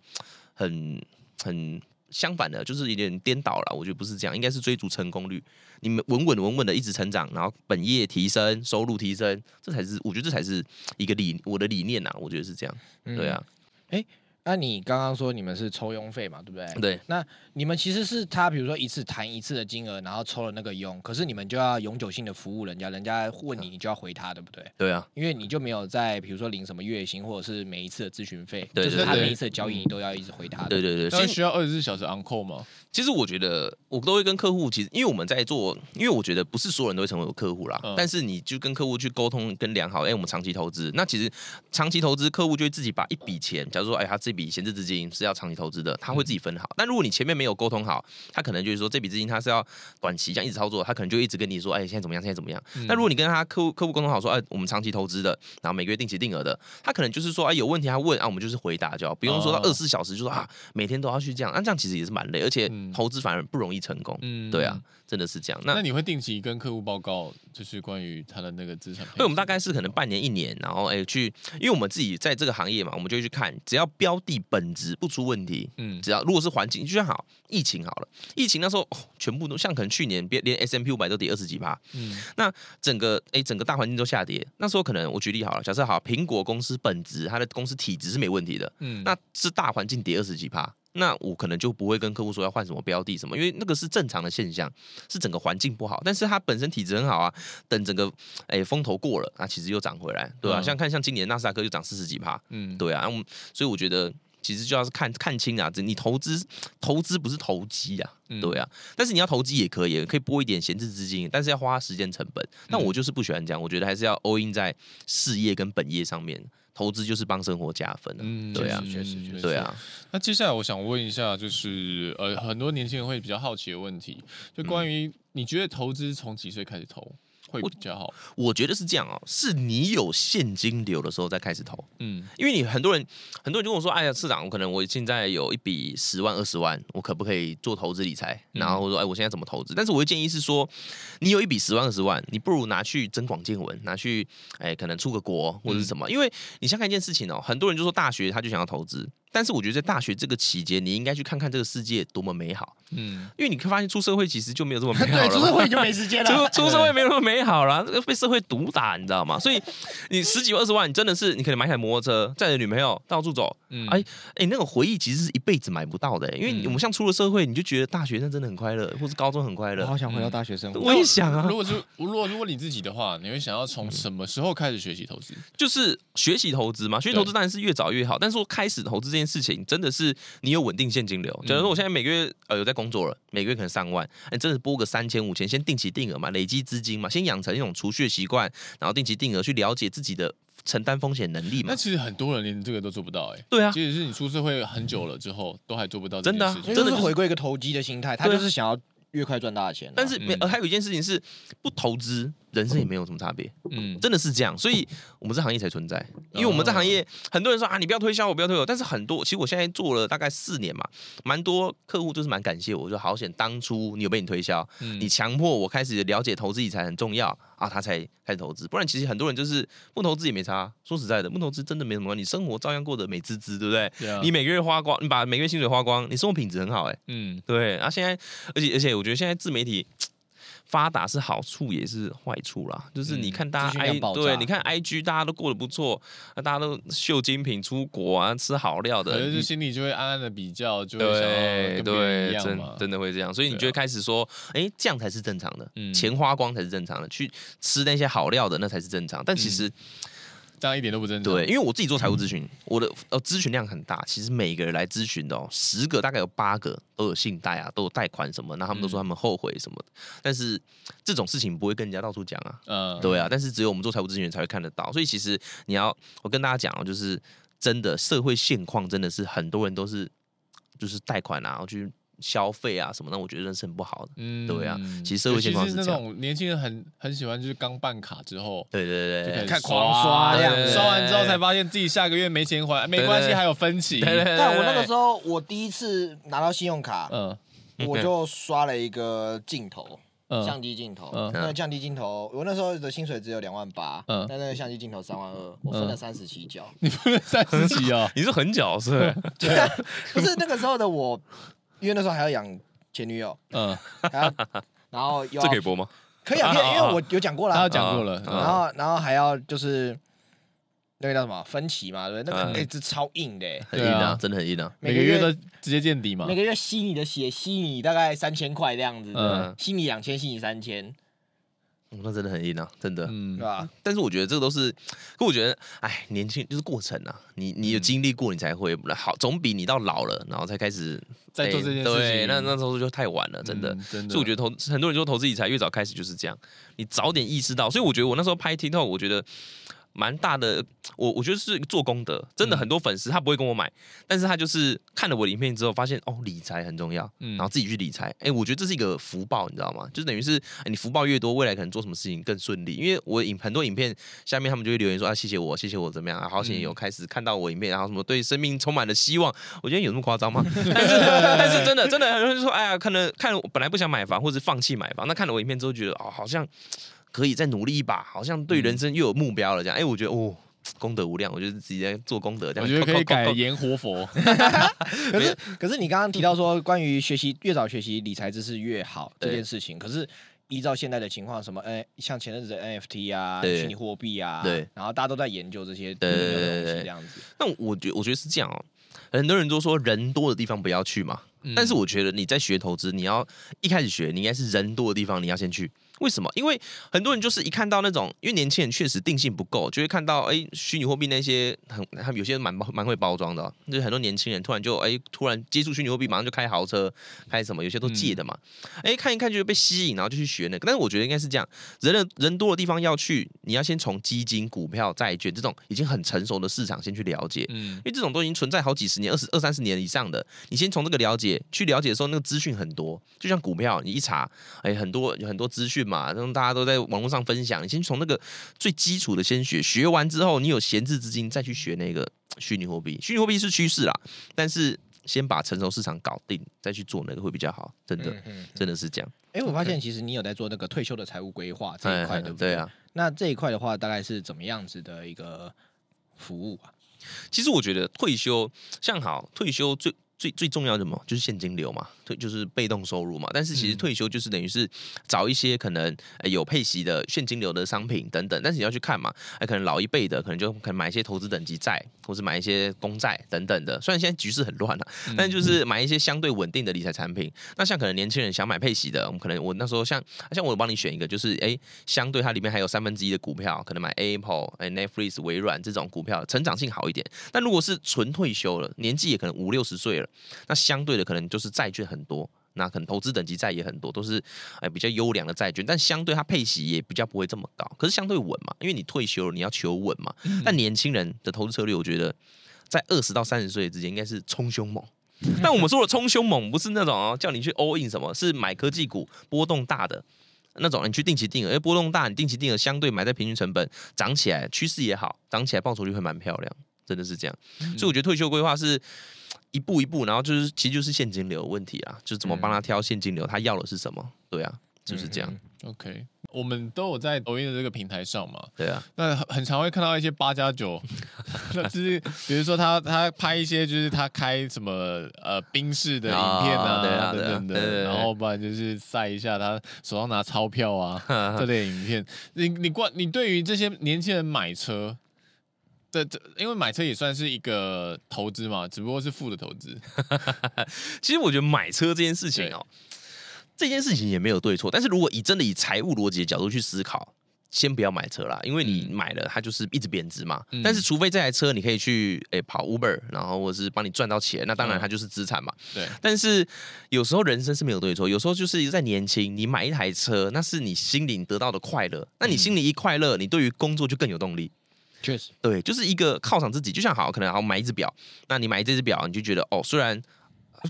[SPEAKER 3] 很很。相反的，就是有點顛倒了。我覺得不是這樣，應該是追逐成功率。你們穩穩穩穩的一直成長，然後本業提升，收入提升，這才是我覺得這才是一個理，我的理念啊。我覺得是這樣，對啊，誒、嗯。
[SPEAKER 4] 欸
[SPEAKER 1] 那你剛剛說你們是抽佣費嘛，對不對？對。那你們其實是他，比如說一次談一次的金額，然後抽了那個佣，可是你們就要永久性的服務人家，人家問你，你就要回他，對不對？對啊，因為你就沒有在比如說領什麼月薪，或者是每一次的諮詢費，對對對，就是他每一次的交
[SPEAKER 2] 易你都要一直回他。對對對。那需要二十四小時 on call 嗎？其實我覺得我都
[SPEAKER 3] 會跟客戶，其實因為我們在做，因為我覺得不是所有人都會成為客戶啦，嗯、但是你就跟客戶去溝通，跟良好，哎、欸，我們長期投資。那其實長期投資，客戶就會自己把一筆錢，假如說，哎、欸，他自己。筆閒置資金是要長期投資的，他會自己分好。嗯、但如果你前面沒有溝通好，他可能就是說這筆資金他是要短期這樣一直操作，他可能就一直跟你說，哎、欸，現在怎麼樣，現在怎麼樣。那、嗯、如果你跟他客戶客戶溝通好，說，哎、欸，我們長期投資的，然後每個月定期定額的，他可能就是說，哎、欸，有問題他問，啊，我們就是回答就好，就不用說到二十四小時，就說、哦、啊，每天都要去這樣，那這樣其實也是蠻累，而且投資反而不容易成功，嗯、對啊。真的是這樣，那那
[SPEAKER 2] 你會定期跟客戶報告，就是關於他的那個資產。
[SPEAKER 3] 對，我們大概是可能半年一年，然後哎、欸、去，因為我們自己在這個行業嘛，我們就會去看，只要標的本質不出問題，嗯，只要如果是環境，就像好，疫情好了，疫情那時候、哦、全部都像可能去年別連 S M P 五百都跌二十幾趴，嗯，那整個哎、欸、整個大環境都下跌，那時候可能我舉例好了，假設好蘋果公司本質它的公司體質是沒問題的，嗯，那是大環境跌二十幾趴。那我可能就不會跟客戶說要換什麼標的什麼，因為那個是正常的現象，是整個環境不好，但是它本身體質很好啊。等整個哎、欸、風頭過了，那、啊、其實又漲回來，對吧、啊？嗯、像看像今年納斯達克就漲四十幾趴，嗯，對啊，所以我覺得。其實就要是看看清啊，你投資投資不是投機啊，嗯、對啊。但是你要投機也可以，可以撥一點閒置資金，但是要花時間成本。但我就是不喜歡這樣，我覺得還是要 all in 在事業跟本業上面。投資就是幫生活加分啊，嗯、對啊，確實，確實，確實，對啊、嗯
[SPEAKER 2] 確實。那接下來我想問一下，就是呃，很多年輕人會比較好奇的問題，就關於你覺得投資從幾歲開始投？會比較好我，
[SPEAKER 3] 我覺得是這樣哦，是你有現金流的時候再開始投，
[SPEAKER 4] 嗯，因為你很
[SPEAKER 3] 多人很多人就跟我說，哎呀，社長，我可能我現在有一筆十萬、二十萬，我可不可以做投資理財？嗯、然後我說，哎，我現在怎麼投資？但是我會建議是說，你有一筆十萬、二十萬，你不如拿去增廣見聞，拿去哎，可能出個國或者是什麼？嗯、因為你想看一件事情哦，很多人就說大學他就想要投資。但是我覺得在大學這個期間，你應該去看看這個世界多麼美好。嗯，因為你會發現出社會其實就沒有這麼美好了。 對，出社會就沒時間了。出出社會沒那麼美好了，啊，這個 被社會毒打，你知道嗎？所以你十幾二十萬，你真的是你可以買台摩托車載着女朋友到處走。嗯，哎哎，欸欸，那個回憶其實是一輩子買不到的，欸，因為、嗯、我們像出了社會，你就覺得大學生真的很快樂，或是
[SPEAKER 2] 高中很快樂。我好想回到大學生活，嗯，我也想啊。我如果是如果 如果你自己的話，你會想要從什麼時候開始學習投資？就是學習投資嘛，學習投資當然是越早越好。但是說開始投資這。
[SPEAKER 3] 這件事情真的是你有穩定現金流，假如說我現在每個月呃有在工作了，每個月可能三萬，你、欸、真的撥個三千五千，先定期定額嘛，累積資金嘛，先養成一種儲蓄習慣，然後定期
[SPEAKER 2] 定額去了解自己的承擔風險能力嘛。那其實很多人連這個都做不到哎、欸，
[SPEAKER 4] 對啊，即使是你
[SPEAKER 2] 出社會很久了之後，都還做不到。真的，就是、真的、就是回歸一個投機的
[SPEAKER 3] 心
[SPEAKER 1] 態，
[SPEAKER 2] 他就是想要
[SPEAKER 3] 越快賺大的錢、啊。但是沒，嗯、而還有一件事情是不投資。人生也沒有什麼差別，okay. 嗯，真的是這樣，所以我們這行業才存在。因為我們這行業、哦、很多人說啊，你不要推銷我，不要推我。但是很多，其實我現在做了大概四年嘛，蠻多客戶就是蠻感謝我，說好險當初你有被你推銷，嗯、你強迫我開始了解投資理財很重要啊，他才開始投資。不然其實很多人就是不投資也沒差。說實在的，不投資真的沒什麼關係，你生活照樣過得美滋滋，對不對？對啊、你每個月花光，你把每個月薪水花光，你生活品質很好哎、欸。嗯，對。然後、啊、現在，而且而且，我覺得現在自媒體。發達是好處也是壞處啦，就是你看大家 I、嗯、對，你看 IG 大家都過得不錯，那大家都秀精品出國啊，吃好料的，可能就心
[SPEAKER 2] 裡就會暗暗的比較，嗯、就會想要跟別人一樣嘛，真，
[SPEAKER 3] 真的會這樣，所以你就會開始說，哎、啊欸，這樣才是正常的，錢、嗯、花光才是正常的，去吃那些好料的那才是正常
[SPEAKER 2] 的。但其實。嗯這樣一點都不正常。對，因為我自己做財務諮詢，
[SPEAKER 3] 嗯、我的呃諮詢量很大。其實每個人來諮詢的哦，十個大概有八個都有信貸啊，都有貸款什麼，那他們都說他們後悔什麼。嗯、但是這種事情不會跟人家到處講啊，
[SPEAKER 2] 呃、對啊。但
[SPEAKER 3] 是只有我們做財務諮詢才會看得到。所以其實你要我跟大家講哦，就是真的社會現況真的是很多人都是就是貸款啊、然後去。消費啊什麼，那我覺得人生不好的，嗯，對啊，其實社會現狀是那種
[SPEAKER 2] 年輕人很很喜歡，就是剛辦卡之後，對對對，看狂刷這樣，刷完之後才發現自己下個月沒錢還，沒關係，還有分期。但
[SPEAKER 1] 我那個時候，我第一次拿到信用卡，嗯，
[SPEAKER 4] 我就
[SPEAKER 1] 刷了一個鏡頭，相機鏡頭，那個降低鏡頭，我那時候的薪水只有兩萬八，嗯，但那個相機鏡頭三萬二，我分了三十七角。
[SPEAKER 3] 你分了三十七啊？你是很角是？對，
[SPEAKER 1] 不是那個時候的我。因為那時候還要養前女友，嗯，然後又要這可以播
[SPEAKER 3] 嗎？可以養養啊，啊，啊，啊，啊，因為因我有
[SPEAKER 1] 講過、啊、過了，講過了，然後然後還要就是那個叫什麼分期嘛，對那對？那個，那只超硬的，欸嗯，很硬的，啊，啊，
[SPEAKER 2] 真的很硬的，啊。每個，每個月都直接見底嘛，每
[SPEAKER 1] 個月吸你的血，吸你大概三千塊這樣子，嗯、吸你兩千，吸你三千。
[SPEAKER 3] 那真的很硬啊，真的，嗯，是吧？但是我覺得這個都是，可我覺得，哎，年輕就是過程啊。你你有經歷過，你才會好，總比你到老了，然後才開始在做這件事情，欸、對，那那時候就太晚了，真的。嗯、真的，所以我覺得投，很多人說投資理財越早開始就是這樣，你早點意識到。所以我覺得我那時候拍 TikTok，我覺得。蠻大的，我我覺得是做功德，真的很多粉絲他不會跟我買，嗯、但是他就是看了我的影片之後，發現哦，理財很重要，嗯、然後自己去理財，哎，我覺得這是一個福報，你知道嗎？就等於是你福報越多，未來可能做什麼事情更順利，因為我影很多影片下面他們就會留言說啊謝謝我，謝謝我怎麼樣，啊、好幸運有開始看到我影片，然後什麼對生命充滿了希望，我覺得有那麼誇張嗎？嗯、但是 但是真的真的很多人就說，哎呀，看了看了，本來不想買房或者放棄買房，那看了我影片之後覺得哦，好像。可以再努力一把，好像對人生又有目標了這樣。哎，我覺得哦，功德無量，我就是自己在做功德這
[SPEAKER 1] 樣。我覺得可以改言活佛。可是，可是你剛剛提到說，關於學習越早學習理財知識越好這件事情，可是依照現在的情況，什麼誒，像前陣子 NFT 啊，虛擬貨幣啊，對，然後大家都在研究這些，對對
[SPEAKER 3] 對對，這樣子。那我覺，我覺得是這樣哦。很多人都說人多的地方不要去嘛，但是我覺得你在學投資，你要一開始學，你應該是人多的地方，你要先去。為什麼？因為很多人就是一看到那種，因為年輕人確實定性不夠，就會看到哎，虛擬貨幣那些很，他們有些蠻蠻會包裝的啊，就是很多年輕人突然就哎，突然接觸虛擬貨幣，馬上就開豪車，開什麼？有些都借的嘛。哎，嗯，看一看就被吸引，然後就去學了。但是我覺得應該是這樣，人的人多的地方要去，你要先從基金、股票、債券這種已經很成熟的市場先去了解，嗯，因為這種都已經存在好幾十年、二十二三十年以上的，你先從這個了解去了解的時候，那個資訊很多，就像股票，你一查，哎，很多有很多資訊。嘛，讓大家都在網絡上分享。你先從那個最基礎的先學，學完之後你有閒置資金再去學那個虛擬貨幣。虛擬貨幣是趨勢啦，但是先把成熟市場搞定再去做那個會比較好。真的，嗯嗯嗯、真的是這樣。
[SPEAKER 1] 哎、欸，我發現其實你有在做那個退休的財務規劃 Okay 這一塊，對不對,、嗯嗯、對啊？那這一塊的話，大概是怎麼樣子的一個服務吧、
[SPEAKER 3] 啊。其實我覺得退休像好退休最。最最重要的嘛，就是現金流嘛，就就是被動收入嘛。但是其實退休就是等於是找一些可能、欸、有配息的現金流的商品等等。但是你要去看嘛，欸、可能老一輩的可能就可能買一些投資等級債，或是買一些公債等等的。雖然現在局勢很亂了、啊，但是就是買一些相對穩定的理財產品。嗯、那像可能年輕人想買配息的，我們可能我那時候像像我有幫你選一個，就是誒、欸，相對它裡面還有三分之一的股票，可能買 Apple、誒 Netflix、微軟這種股票，成長性好一點。但如果是純退休了，年紀也可能五六十歲了。那相對的，可能就是債券很多，那可能投資等級債也很多，都是哎比較優良的債券，但相對它配息也比較不會這麼高，可是相對穩嘛，因為你退休了，你要求穩嘛。嗯、但年輕人的投資策略，我覺得在二十到三十歲之間應該是衝兇猛，嗯、但我們說的衝兇猛不是那種哦、啊、叫你去 all in 什麼，是買科技股波動大的那種，你去定期定額，因為波動大，你定期定額相對買在平均成本漲起來，趨勢也好，漲起來報酬率會蠻漂亮，真的是這樣，嗯、所以我覺得退休規劃是。一步一步，然後就是其實就是現金流問題啊，就是怎麼幫他挑現金流，嗯、他要的是什麼？
[SPEAKER 2] 對啊，就是這樣。嗯、OK，我們都有在抖音的這個平台上嘛，對啊，那很常會看到一些八加九，9, 就是比如說他他拍一些就是他開什麼呃賓士的影片啊、哦、對啊等等的，對啊對啊、然後不然就是曬一下他手上拿鈔票啊 這類的影片。你你關你對於這些年輕人買車？這這，因為買車也算是一個投資嘛，只不過是負的投資。 其實我覺得買車這件事情哦，對這件事情也
[SPEAKER 3] 沒有對錯。但是如果以真的以財務邏輯的角度去思考，先不要買車啦，因為你買了它就是一直貶值嘛。嗯、但是除非這台車你可以去哎、欸，跑 Uber，然後或者是幫你賺到錢，那當然它就是資產嘛。嗯、對。但是有時候人生是沒有對錯，有時候就是在年輕，你買一台車，那是你心裡你得到的快樂。那你心裡一快樂，你對於工作就更有動力。確實，對，就是一個犒賞自己，就像好，可能好買一隻表，那你買這隻表，你就覺得哦雖然，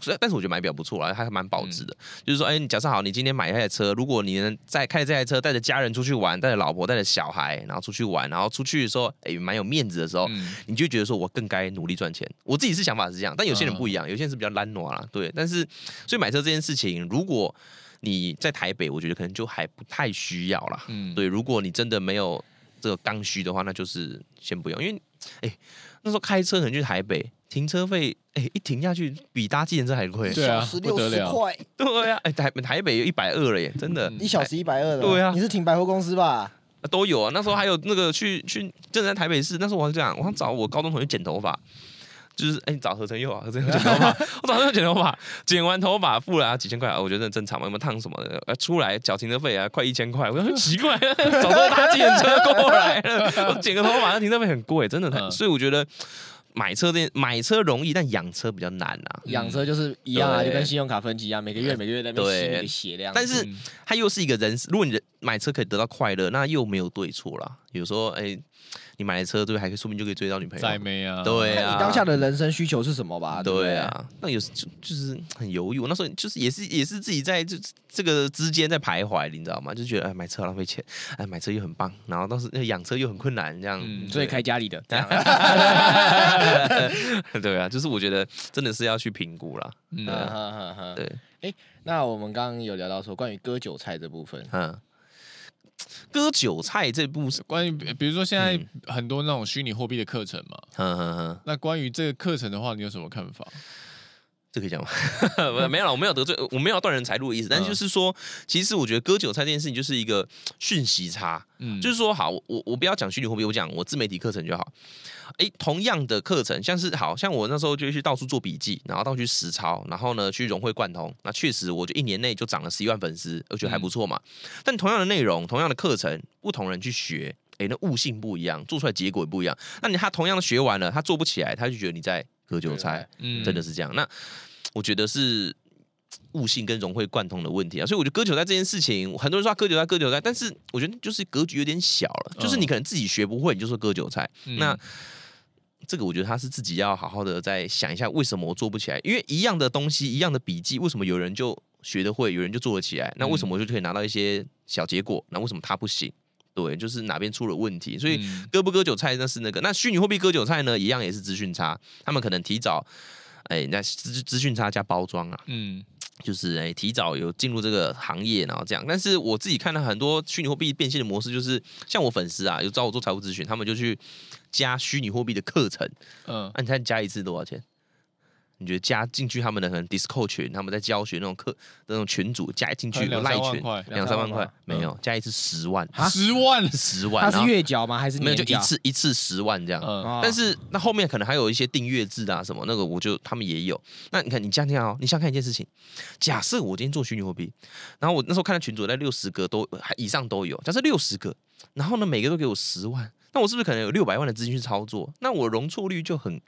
[SPEAKER 3] 雖然，但是我覺得買表不錯啊，還還蠻保值的。嗯、就是說，哎、欸，你假設好，你今天買一台車，如果你能在開這台車，帶着家人出去玩，帶着老婆，帶着小孩，然後出去玩，然後出去的時候，哎、欸，蠻有面子的時候，嗯、你就覺得說我更該努力賺錢。我自己是想法是這樣，但有些人不一樣，嗯、有些人是比較懶惰啦，對。但是，所以買車這件事情，如果你在台北，我覺得可能就還不太需要啦。嗯，對，如果你真的沒有。這個剛需的話，那就是先不用，因為哎、欸，那時候開車可能去台北停車費，哎、欸，一停下去比搭計程車還貴，對啊，六十塊，對啊，哎、欸、台台北有一百二了耶，真的，嗯、台一小時
[SPEAKER 1] 一百二了，對啊，你是停百貨公司吧？
[SPEAKER 3] 啊，都有啊，那時候還有那個去去，正在台北市，那時候我還這樣，我想找我高中同學剪頭髮。就是哎，你、欸、找何成佑啊，何成佑剪頭髮， 我早上又剪頭髮，剪完頭髮付了、啊、幾千塊、啊啊啊，我覺得很正常嘛。有沒有燙什麼的？出來繳停車費啊，快一千塊，我很奇怪， 早到他自車過來了， 我剪個頭髮，那停車費很貴，真的很、嗯、所以我覺得買車這件買車容易，但養車比較難啊。養車就是一樣、啊、欸、就跟信用卡分期一樣，每個月每個月在那寫寫這樣。但是、嗯、它又是一個人，如果你買車可以得到快樂，那又沒有對錯啦。比如說哎。欸你買了車，對，還可以說明就可以追到女朋友。宅啊，對啊。你當下
[SPEAKER 1] 的人生需求是什麼吧。
[SPEAKER 3] 對啊，對啊，那有時就就是很猶豫。我那時候就是也是也是自己在這這個之間在徘徊，你知道嗎？就覺得哎，買車浪費錢，哎，買車又很棒，然後當時呃、養車又很困難，這樣。嗯，對所以開家裡的。這樣 對啊，就是我覺得真的是要去評估了。
[SPEAKER 1] 對。哎、欸，那我們剛剛有聊到說關於割
[SPEAKER 2] 韭菜這部分，嗯、啊。
[SPEAKER 3] 割韭
[SPEAKER 2] 菜，這部分，關於比如說現在很多那種虛擬貨幣的課程嘛，嗯嗯嗯嗯、那關於這個課程的話，你有什麼看法？
[SPEAKER 3] 這可以講嗎？ 沒有啦，我沒有得罪， 我沒有斷人財路的意思。但是就是說，嗯、其實我覺得割韭菜這件事情就是一個訊息差。嗯，就是說，好，我我不要講虛擬貨幣，我講我自媒體課程就好。哎、欸，同樣的課程，像是好像我那時候就去到處做筆記，然後到處實操，然後呢去融會貫通。那確實，我就一年內就漲了十一萬粉絲，我覺得還不錯嘛。嗯、但同樣的內容，同樣的課程，不同人去學，哎、欸，那悟性不一樣，做出來結果也不一樣。那你他同樣的學完了，他做不起來，他就覺得你在。割韭菜，對真的是這樣。嗯、那我覺得是悟性跟融會貫通的問題啊。所以我覺得割韭菜這件事情，很多人說他割韭菜，割韭菜，但是我覺得就是格局有點小了。哦、就是你可能自己學不會，你就說割韭菜。嗯、那這個我覺得他是自己要好好的再想一下，為什麼我做不起來？因為一樣的東西，一樣的筆記，為什麼有人就學得會，有人就做得起來？嗯、那為什麼我就可以拿到一些小結果？那為什麼他不行？對，就是哪邊出了問題，所以割不割韭菜那是那個，嗯、那虛擬貨幣割韭菜呢，一樣也是資訊差，他們可能提早，哎、欸，那資資訊差加包裝啊，嗯，就是哎、欸、提早有進入這個行業，然後這樣。但是我自己看到很多虛擬貨幣變現的模式，就是像我粉絲啊，有找我做財務諮詢，他們就去加虛擬貨幣的課程，嗯，啊、你猜你加一次多少錢？你覺得加進去他們的可能 Discord 群，他們在教學那種課，那種群主加進去賴群兩三萬塊沒有，嗯、加一次十萬，十萬蛤十萬，他是月繳嗎？還是年繳？沒有，就一次，一次十萬這樣。嗯、但是那後面可能還有一些訂閱制啊什麼，那個我就他們也有。那你看你這樣哦，你想看一件事情，假設我今天做虛擬貨幣，然後我那時候看到群主在六十個都以上都有，假設六十個，然後呢每個都給我十萬，那我是不是可能有六百萬的資金去操作？那我容錯率就很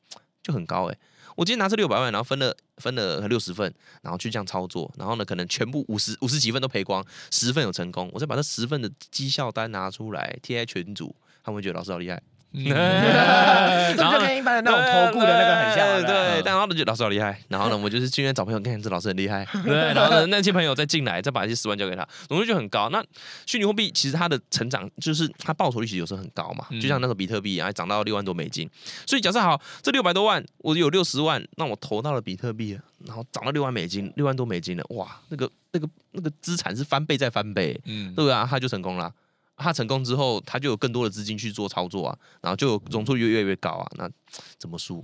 [SPEAKER 3] 就很高誒、欸我今天拿這六百萬，然後分了分了六十份，然後去這樣操作，然後呢可能全部五十五十幾份都賠光，十份有成功，我再把這十份的績效單拿出來，貼在群組，他們會覺得老師好厲害。然後就跟一般的那種投顧的那個很像，對。然後呢，就老師好厲害。然後呢，我就是今天找朋友看看這老師很厲害。對。然後呢，那些朋友再進來，再把這些十萬交給他，總之就很高。那虛擬貨幣其實它的成長就是它報酬率有時候很高嘛，就像那個比特幣啊，還漲到六萬多美金。所以假設好，這六百多萬，我有六十萬，那我投到了比特幣，然後漲到六萬美金，六萬多美金了，哇，那個那個那個資產是翻倍再翻倍，嗯、對吧？他就成功了、啊。他成功之後，他就有更多的資金去做操作啊，然後就容錯率越來越高啊，那怎麼輸？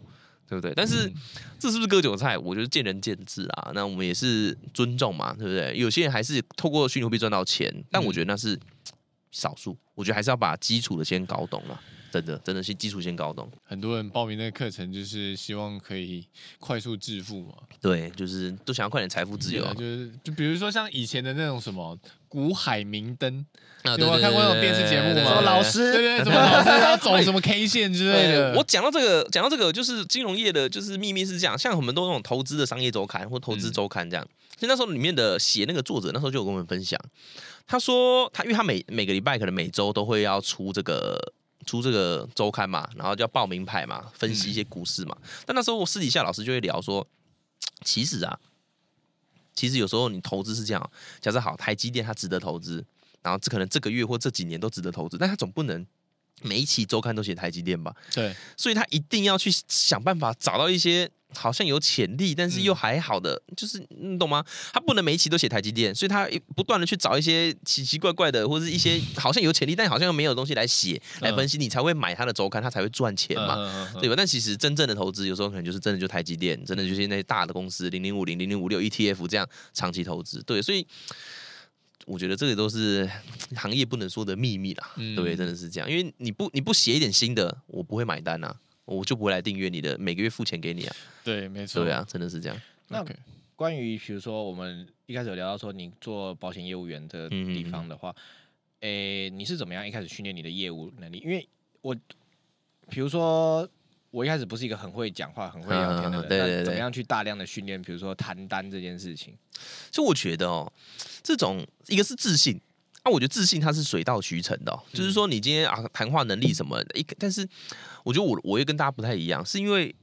[SPEAKER 3] 對不對，對？但是、嗯、這是不是割韭菜？我覺得見仁見智啊。那我們也是尊重嘛，對不對？有些人還是透過虛擬貨幣賺到錢，但我覺得那是少數。我覺得還是要把基礎的先搞懂了，真的真的是基礎先搞懂。
[SPEAKER 2] 很多人報名那個課程，就是希望可以快速致富嘛，對，
[SPEAKER 3] 就是都想要快點財富自由啊，就
[SPEAKER 2] 是就比如說像以前的那種什麼。股海明燈，有看過那種電視節目嗎？老師，對不對？什麼老師要走什麼 K 線之類的？我
[SPEAKER 3] 講到這個，講到這個，就是金融業的，就是秘密是這樣。像很多那種投資的商業周刊或投資周刊這樣，其實那時候裡面的寫那個作者，那時候就有跟我們分享，他說他因為他每每個禮拜可能每周都會要出這個出這個周刊嘛，然後就要報名牌嘛，分析一些股市嘛。但那時候我私底下老師就會聊說，其實啊。其實有時候你投資是這樣，假設好台積電它值得投資，然後這可能這個月或這幾年都值得投資，但它總不能。每一期週刊都寫台積電吧，對，所以他一定要去想辦法找到一些好像有潛力，但是又還好的，嗯、就是你懂嗎？他不能每一期都寫台積電，所以他不斷的去找一些奇奇怪怪的，或者一些好像有潛力，但好像又沒有東西來寫、嗯、來分析，你才會買他的週刊，他才會賺錢嘛，嗯嗯嗯嗯嗯對吧？但其實真正的投資，有時候可能就是真的就台積電，真的就是那些大的公司零零五零、零零五六 ETF 這樣長期投資，對，所以。我覺得這也都是行業不能說的秘密啦，嗯、對不對？真的是這樣，因為你不你不寫一點新的，我不會買單啊，我就不會來訂閱你的，每個月付錢給你啊。
[SPEAKER 1] 對，
[SPEAKER 2] 沒錯，對
[SPEAKER 3] 啊，真的是這樣。Okay
[SPEAKER 1] 那關於比如說我們一開始有聊到說你做保險業務員的地方的話，誒、嗯哼欸，你是怎麼樣一開始訓練你的業務能力？因為我比如說。我一開始不是一個很會講話、很會聊天的，的人，嗯、對對對，但怎麼樣去
[SPEAKER 3] 大量的訓練？比如說談單這件事情，所以我覺得哦、喔，這種一個是自信，啊，我覺得自信它是水到渠成的，喔，嗯、就是說你今天啊，談話能力什麼，一但是我覺得我我又跟大家不太一樣，是因為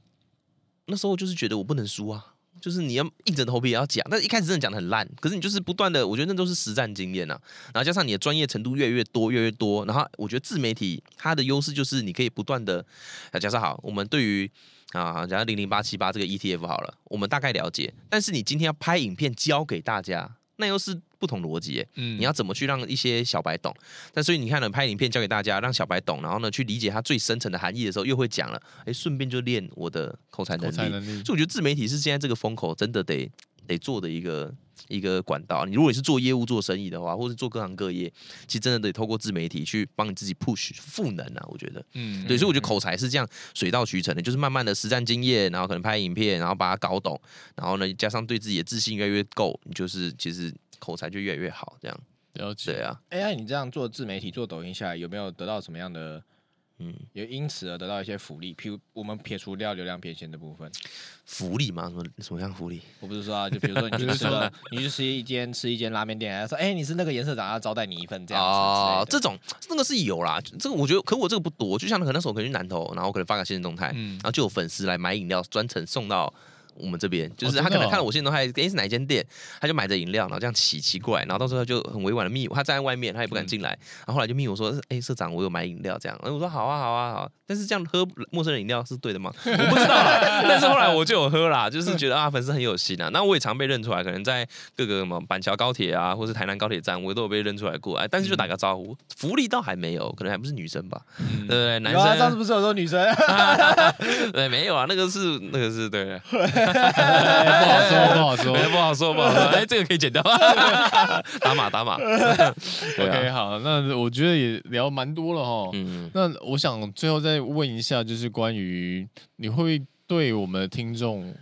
[SPEAKER 3] 那時候就是覺得我不能輸啊。就是你要硬着頭皮也要講，但是一開始真的講得很爛。可是你就是不斷的，我覺得那都是實戰經驗吶、啊。然後加上你的專業程度越來越多越來越多，然後我覺得自媒體它的優勢就是你可以不斷的，啊，假設好，我們對於啊，假設00878這個 ETF 好了，我們大概了解。但是你今天要拍影片教給大家，那又是。不同邏輯，嗯，你要怎麼去讓一些小白懂？嗯、但所以你看呢，拍影片教給大家，讓小白懂，然後呢，去理解它最深層的含義的時候，又會講了，哎、欸，順便就練我的口才能力。能力。所以我覺得自媒體是現在這個風口，真的得得做的一個一個管道。你如果你是做業務、做生意的話，或是做各行各業，其實真的得透過自媒體去幫你自己 push 賦能啊。我覺得，嗯，嗯，嗯，對，所以我覺得口才是這樣水到渠成的，就是慢慢的實戰經驗，然後可能拍影片，然後把它搞懂，然後呢，加上對自己的自信越來越夠，就是其實，口才就越來越好，這樣了解對
[SPEAKER 1] 啊。AI，、欸、你這樣做自媒體，做抖音下來有沒有得到什麼樣的，嗯，也因此而得到一些福利？譬如我們撇除掉流量變現的部分，福利嗎？
[SPEAKER 3] 什麼什麼樣福利？
[SPEAKER 1] 我不是說啊，就比如說你去說， 你去吃一間吃一間拉麵店，還說哎、欸，你是那個顏社長，要招待你一份這樣子啊？這種
[SPEAKER 3] 這、那個是有啦，這個我覺得，可我這個不多。就像可能那時候我可能去南投，然後我可能發個新的動態，嗯、然後就有粉絲來買飲料，專程送到。我們這邊就是他可能看到我的話，現在都還，欸，是哪間店，他就買着飲料，然後這樣奇奇怪，然後到時候他就很委婉的密我，他站在外面，他也不敢進來，然後後來就密我說，哎、欸，社長，我有買飲料這樣，然後我說好啊，好啊，好啊，但是這樣喝陌生人飲料是對的嗎？ 我不知道，但是後來我就有喝啦，就是覺得啊，粉絲很有心啊，那我也常被認出來，可能在各個什麼板橋高鐵啊，或是台南高鐵站，我也都有被認出來過來，但是就打個招呼，福利倒還沒有，可能還不是女生吧，對、嗯、對？男生當時、
[SPEAKER 1] 啊、不是有說女生？
[SPEAKER 3] 對，沒有啊，那個是那個是對。
[SPEAKER 4] 不好說，不好說沒，不好說，
[SPEAKER 3] 不好說，不好說。哎，這個可以剪掉嗎？ 打。打碼，
[SPEAKER 4] 打碼。OK，
[SPEAKER 2] 好，那我覺得也聊蠻多了哈。嗯。那我想最後再問一下，就是關於你會對我們的聽眾。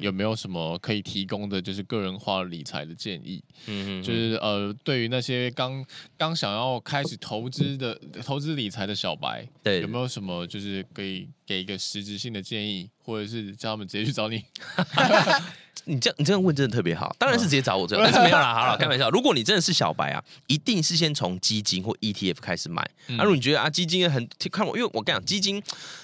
[SPEAKER 2] 有沒有什麼可以提供的就是個人化理財的建議？
[SPEAKER 4] 嗯哼
[SPEAKER 2] 哼，就是呃，對於那些剛剛想要開始投資的、投資理財的小白，對，有沒有什麼就是可以給一個實質性的建議，或者是叫他們直接去找你？
[SPEAKER 3] 你這樣你這樣問真的特別好，當然是直接找我這樣，但是沒有啦，好了， 開玩笑。如果你真的是小白啊，一定是先從基金或 ETF 開始買。嗯、啊，如果你覺得啊，基金很看我，因為我跟你講，基金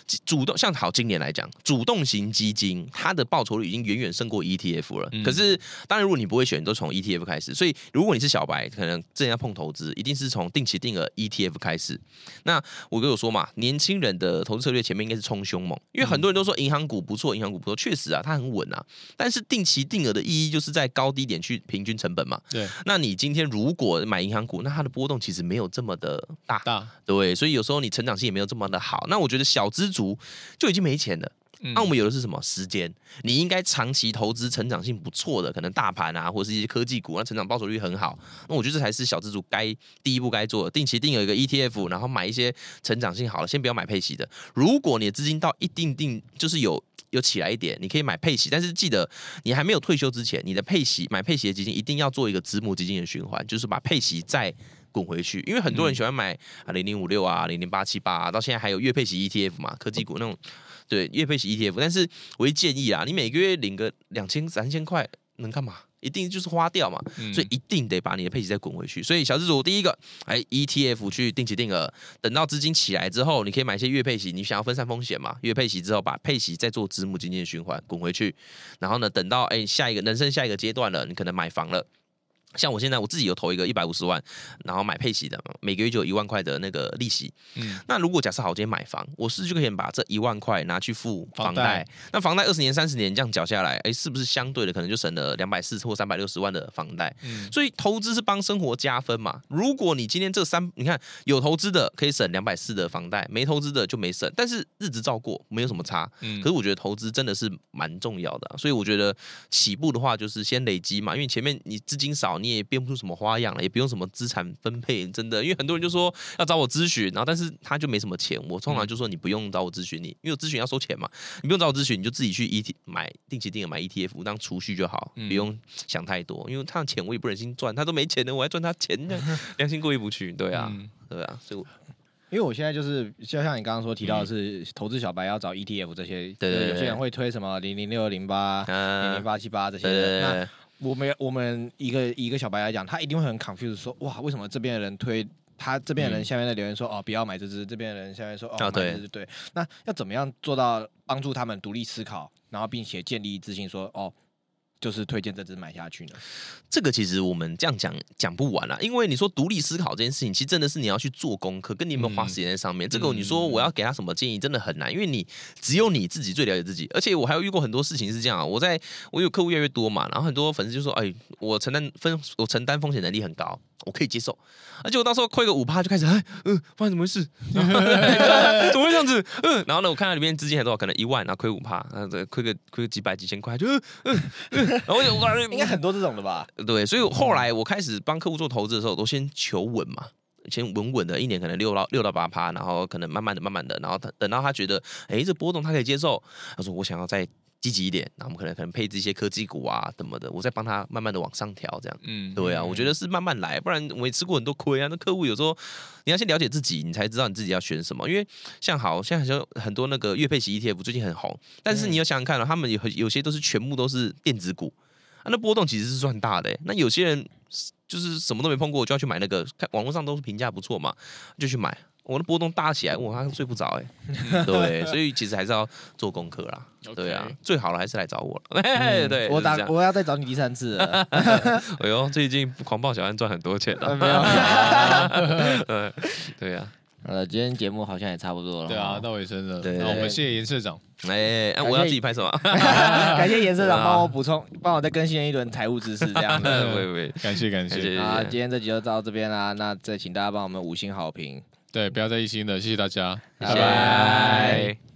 [SPEAKER 3] 基主動像好今年來講，主動型基金它的報酬率已經遠遠勝過 ETF 了。嗯、可是，當然如果你不會選，都從 ETF 開始。所以，如果你是小白，可能正要碰投資，一定是從定期定額 ETF 開始。那我跟我說嘛，年輕人的投資策略前面應該是衝兇猛，因為很多人都說銀行股不錯，銀行股不錯，確實啊，它很穩啊，但是定。定期定額的意義就是在高低點去平均成本嘛。對，那你今天如果買銀行股，那它的波動其實沒有這麼的大，大對，所以有時候你成長性也沒有這麼的好。那我覺得小資族就已經沒錢了。嗯，那我們有的是什麼時間？你應該長期投資成長性不錯的，可能大盤啊，或者是一些科技股，那成長報酬率很好。那我覺得這才是小資族該第一步該做的。定期定額一個 ETF，然後買一些成長性好的，先不要買配息的。如果你的資金到一定定，就是有。又起來一點，你可以買配息，但是記得你還沒有退休之前，你的配息買配息的基金一定要做一個子母基金的循環，就是把配息再滾回去。因為很多人喜歡買啊零零五六啊零零八七八，到現在還有月配息 ETF 嘛，科技股那種對月配息 ETF。但是我一建議啊，你每個月領個兩千三千塊能幹嘛？一定就是花掉嘛，嗯、所以一定得把你的配息再滾回去。所以小資族第一個，哎、欸、，ETF 去定期定額，等到資金起來之後，你可以買一些月配息。你想要分散風險嘛？月配息之後，把配息再做子母基金循環滾回去。然後呢，等到哎、欸、下一個人生下一個階段了，你可能買房了。像我現在我自己有投一個一百五十萬，然後買配息的嘛，每個月就有一萬塊的那個利息。
[SPEAKER 4] 嗯，
[SPEAKER 3] 那如果假設好，今天買房，我是不是就可以把這一萬塊拿去付房貸。房貸那房貸二十年、三十年這樣繳下來，哎，是不是相對的可能就省了兩百四十或三百六十萬的房貸？嗯，所以投資是幫生活加分嘛。如果你今天這三，你看有投資的可以省兩百四的房貸，沒投資的就沒省，但是日子照過，沒有什麼差。嗯，可是我覺得投資真的是蠻重要的啊，所以我覺得起步的話就是先累積嘛，因為前面你資金少。你也變不出什麼花樣了，也不用什麼資產分配，真的，因為很多人就說要找我諮詢，然後但是他就沒什麼錢，我通常就說你不用找我諮詢，你因為諮詢要收錢嘛，你不用找我諮詢，你就自己去 E T 買定期定額買 E T F 當儲蓄就好，嗯、不用想太多，因為他的錢我也不忍心賺，他都沒錢了，我還賺他錢呢， 良心過意不去，對啊，嗯、對啊，所
[SPEAKER 1] 以因為我現在就是就像你剛剛說提到的是、嗯、投資小白要找 E T F 這些，對對，對對對，有些人會推什麼零零六零八零零八七八這些。我，我們我們一個一個小白來講，他一定會很 confused，說，哇，為什麼這邊的人推他這邊的人下面的留言說、嗯、哦，不要買這隻，這邊的人下面說，哦，哦，對對對，那要怎麼樣做到幫助他們獨立思考，然後並且建立自信說，
[SPEAKER 3] 說，哦。就是推薦這支買下去呢、嗯？這個其實我們這樣講講不完啦，因為你說獨立思考這件事情，其實真的是你要去做功課，跟你有沒有花時間在上面。這個、嗯、你說我要給他什麼建議，真的很難，嗯、因為你只有你自己最了解自己。而且我還有遇過很多事情是這樣啊、喔，我在我有客戶越來越多嘛，然後很多粉絲就說：“哎、欸，我承擔分，我承擔風險能力很高。”我可以接受，而且我到時候虧個五趴就開始，哎，嗯、呃，發生什麼回事？ 怎麼會這樣子？嗯、呃，然後呢，我看到裡面資金還多少，可能一萬，然後虧五趴，然後虧個虧個幾百幾千塊，呃呃、然後就，嗯、呃，我我感覺應該很多這種的吧？對，所以後來我開始幫客戶做投資的時候，我都先求穩嘛，先穩穩的，一年可能六到六到八趴，然後可能慢慢的、慢慢的，然後等等到他覺得，哎，這波動他可以接受，他說我想要再。積極一點，那我們可能可能配置一些科技股啊，什麼的，我再幫他慢慢的往上調，這樣，嗯，對啊，嗯、我覺得是慢慢來，不然我也吃過很多虧啊。那客戶有時候，你要先了解自己，你才知道你自己要選什麼。因為像好，像很多很多那個月配息 ETF，最近很紅，但是你要想想看、喔，了、嗯、他們有有些都是全部都是電子股，啊，那波動其實是算大的、欸。那有些人就是什麼都沒碰過，就要去買那個，看網絡上都是評價不錯嘛，就去買。我的波動大起來，我他睡不着哎，對，所以其實還是要做功課啦，對啊，最好了還是來找我了，對我打我
[SPEAKER 1] 要再找你第三次，
[SPEAKER 3] 哎呦，最近狂暴小安賺很多錢了，沒有，對對呀，呃，今天節目好像也差不多了，對啊，
[SPEAKER 2] 到尾聲了，那我們謝謝顏社長，哎，我要自己拍什麼？感謝顏社長幫
[SPEAKER 1] 我補充，幫我再更新一輪財務知識，對對，感謝感謝啊，今天這集就到這邊啦，那再請大家幫我們五星好評。
[SPEAKER 2] 對，不要在意心的，謝謝大家，謝謝大家，拜拜。拜拜。